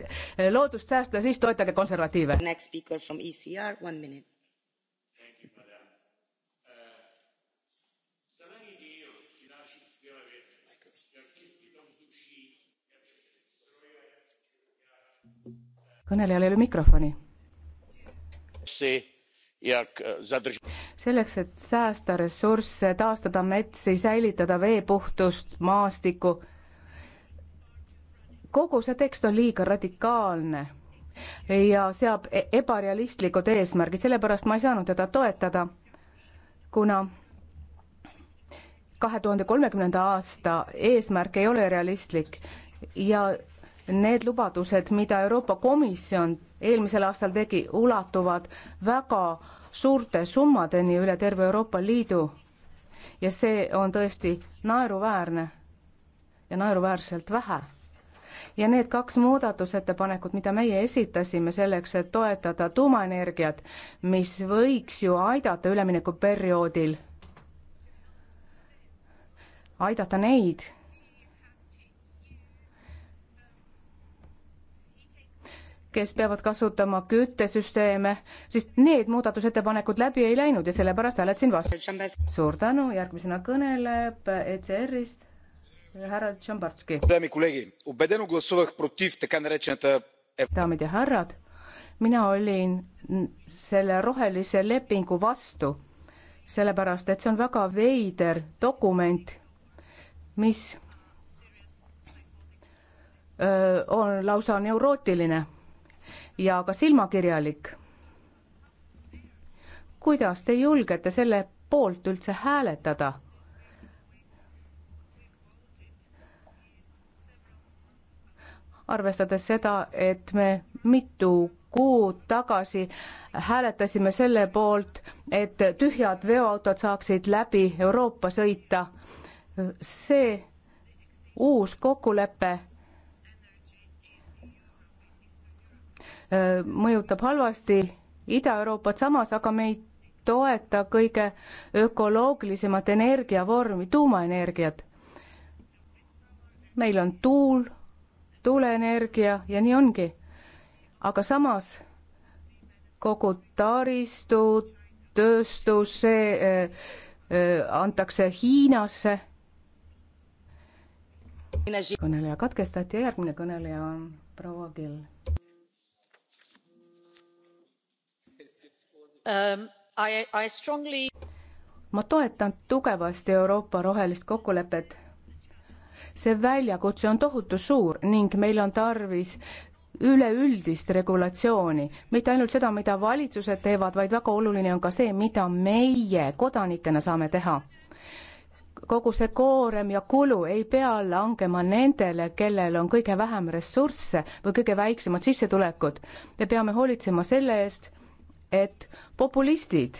loodust säästa, siis toetage konservatiive. Next speaker from ECR, one minute kõnelejal ei ole mikrofoni. selleks, et säästa ressursse, taastada metsi, säilitada vee puhtust, maastikku, kogu see tekst on liiga radikaalne ja seab e-, ebarealistlikud eesmärgid, sellepärast ma ei saanud teda toetada, kuna kahe tuhande kolmekümnenda aasta eesmärk ei ole realistlik ja need lubadused, mida Euroopa Komisjon eelmisel aastal tegi, ulatuvad väga suurte summadeni üle terve Euroopa Liidu. ja see on tõesti naeruväärne ja naeruväärselt vähe. ja need kaks muudatusettepanekut, mida meie esitasime selleks, et toetada tuumaenergiat, mis võiks ju aidata üleminekuperioodil, aidata neid kes peavad kasutama küttesüsteeme, siis need muudatusettepanekud läbi ei läinud ja sellepärast hääletasin vastu. suur tänu, järgmisena kõneleb ECR-ist härra Tšambarski. daamid ja härrad, mina olin selle rohelise lepingu vastu, sellepärast et see on väga veider dokument, mis on lausa neurootiline ja ka silmakirjalik. kuidas te julgete selle poolt üldse hääletada? arvestades seda, et me mitu kuud tagasi hääletasime selle poolt, et tühjad veoautod saaksid läbi Euroopa sõita. see uus kokkulepe Äh, mõjutab halvasti Ida-Euroopat, samas aga me ei toeta kõige ökoloogilisemat energiavormi, tuumaenergiat. meil on tuul, tuuleenergia ja nii ongi. aga samas kogu taristu, tööstus, see öö, äh, öö, äh, antakse Hiinasse. kõneleja katkestati ja järgmine kõneleja on proua Kill um, I, I strongly... ma toetan tugevasti Euroopa rohelist kokkulepet. see väljakutse on tohutu suur ning meil on tarvis üleüldist regulatsiooni, mitte ainult seda, mida valitsused teevad, vaid väga oluline on ka see, mida meie kodanikena saame teha. kogu see koorem ja kulu ei pea langema nendele, kellel on kõige vähem ressursse või kõige väiksemad sissetulekud. me peame hoolitsema selle eest et populistid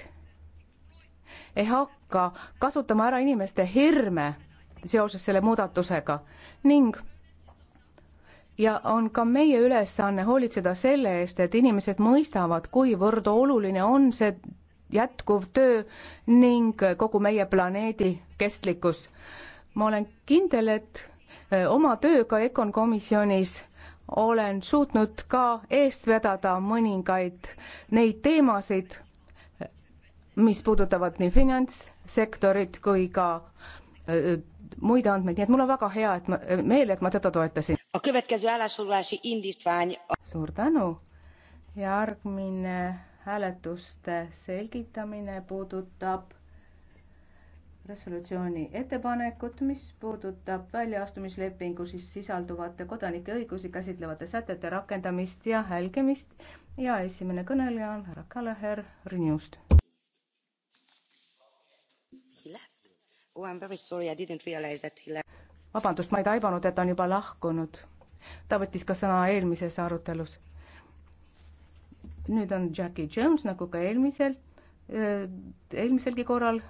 ei hakka kasutama ära inimeste hirme seoses selle muudatusega ning ja on ka meie ülesanne hoolitseda selle eest, et inimesed mõistavad, kuivõrd oluline on see jätkuv töö ning kogu meie planeedi kestlikkus. ma olen kindel, et eh, oma tööga EKOn komisjonis olen suutnud ka eest vedada mõningaid neid teemasid, mis puudutavad nii finantssektorit kui ka äh, muid andmeid, nii et mul on väga hea, et ma, meel, et ma teda toetasin. suur tänu. järgmine hääletuste selgitamine puudutab resolutsiooni ettepanekut, mis puudutab väljaastumislepingu siis sisalduvate kodanike õigusi käsitlevate sätete rakendamist ja hälgimist ja esimene kõneleja on härra Kaleher Renewst. Oh, vabandust, ma ei taibanud, et ta on juba lahkunud. ta võttis ka sõna eelmises arutelus. nüüd on Jackie Jones, nagu ka eelmisel, äh, eelmiselgi korral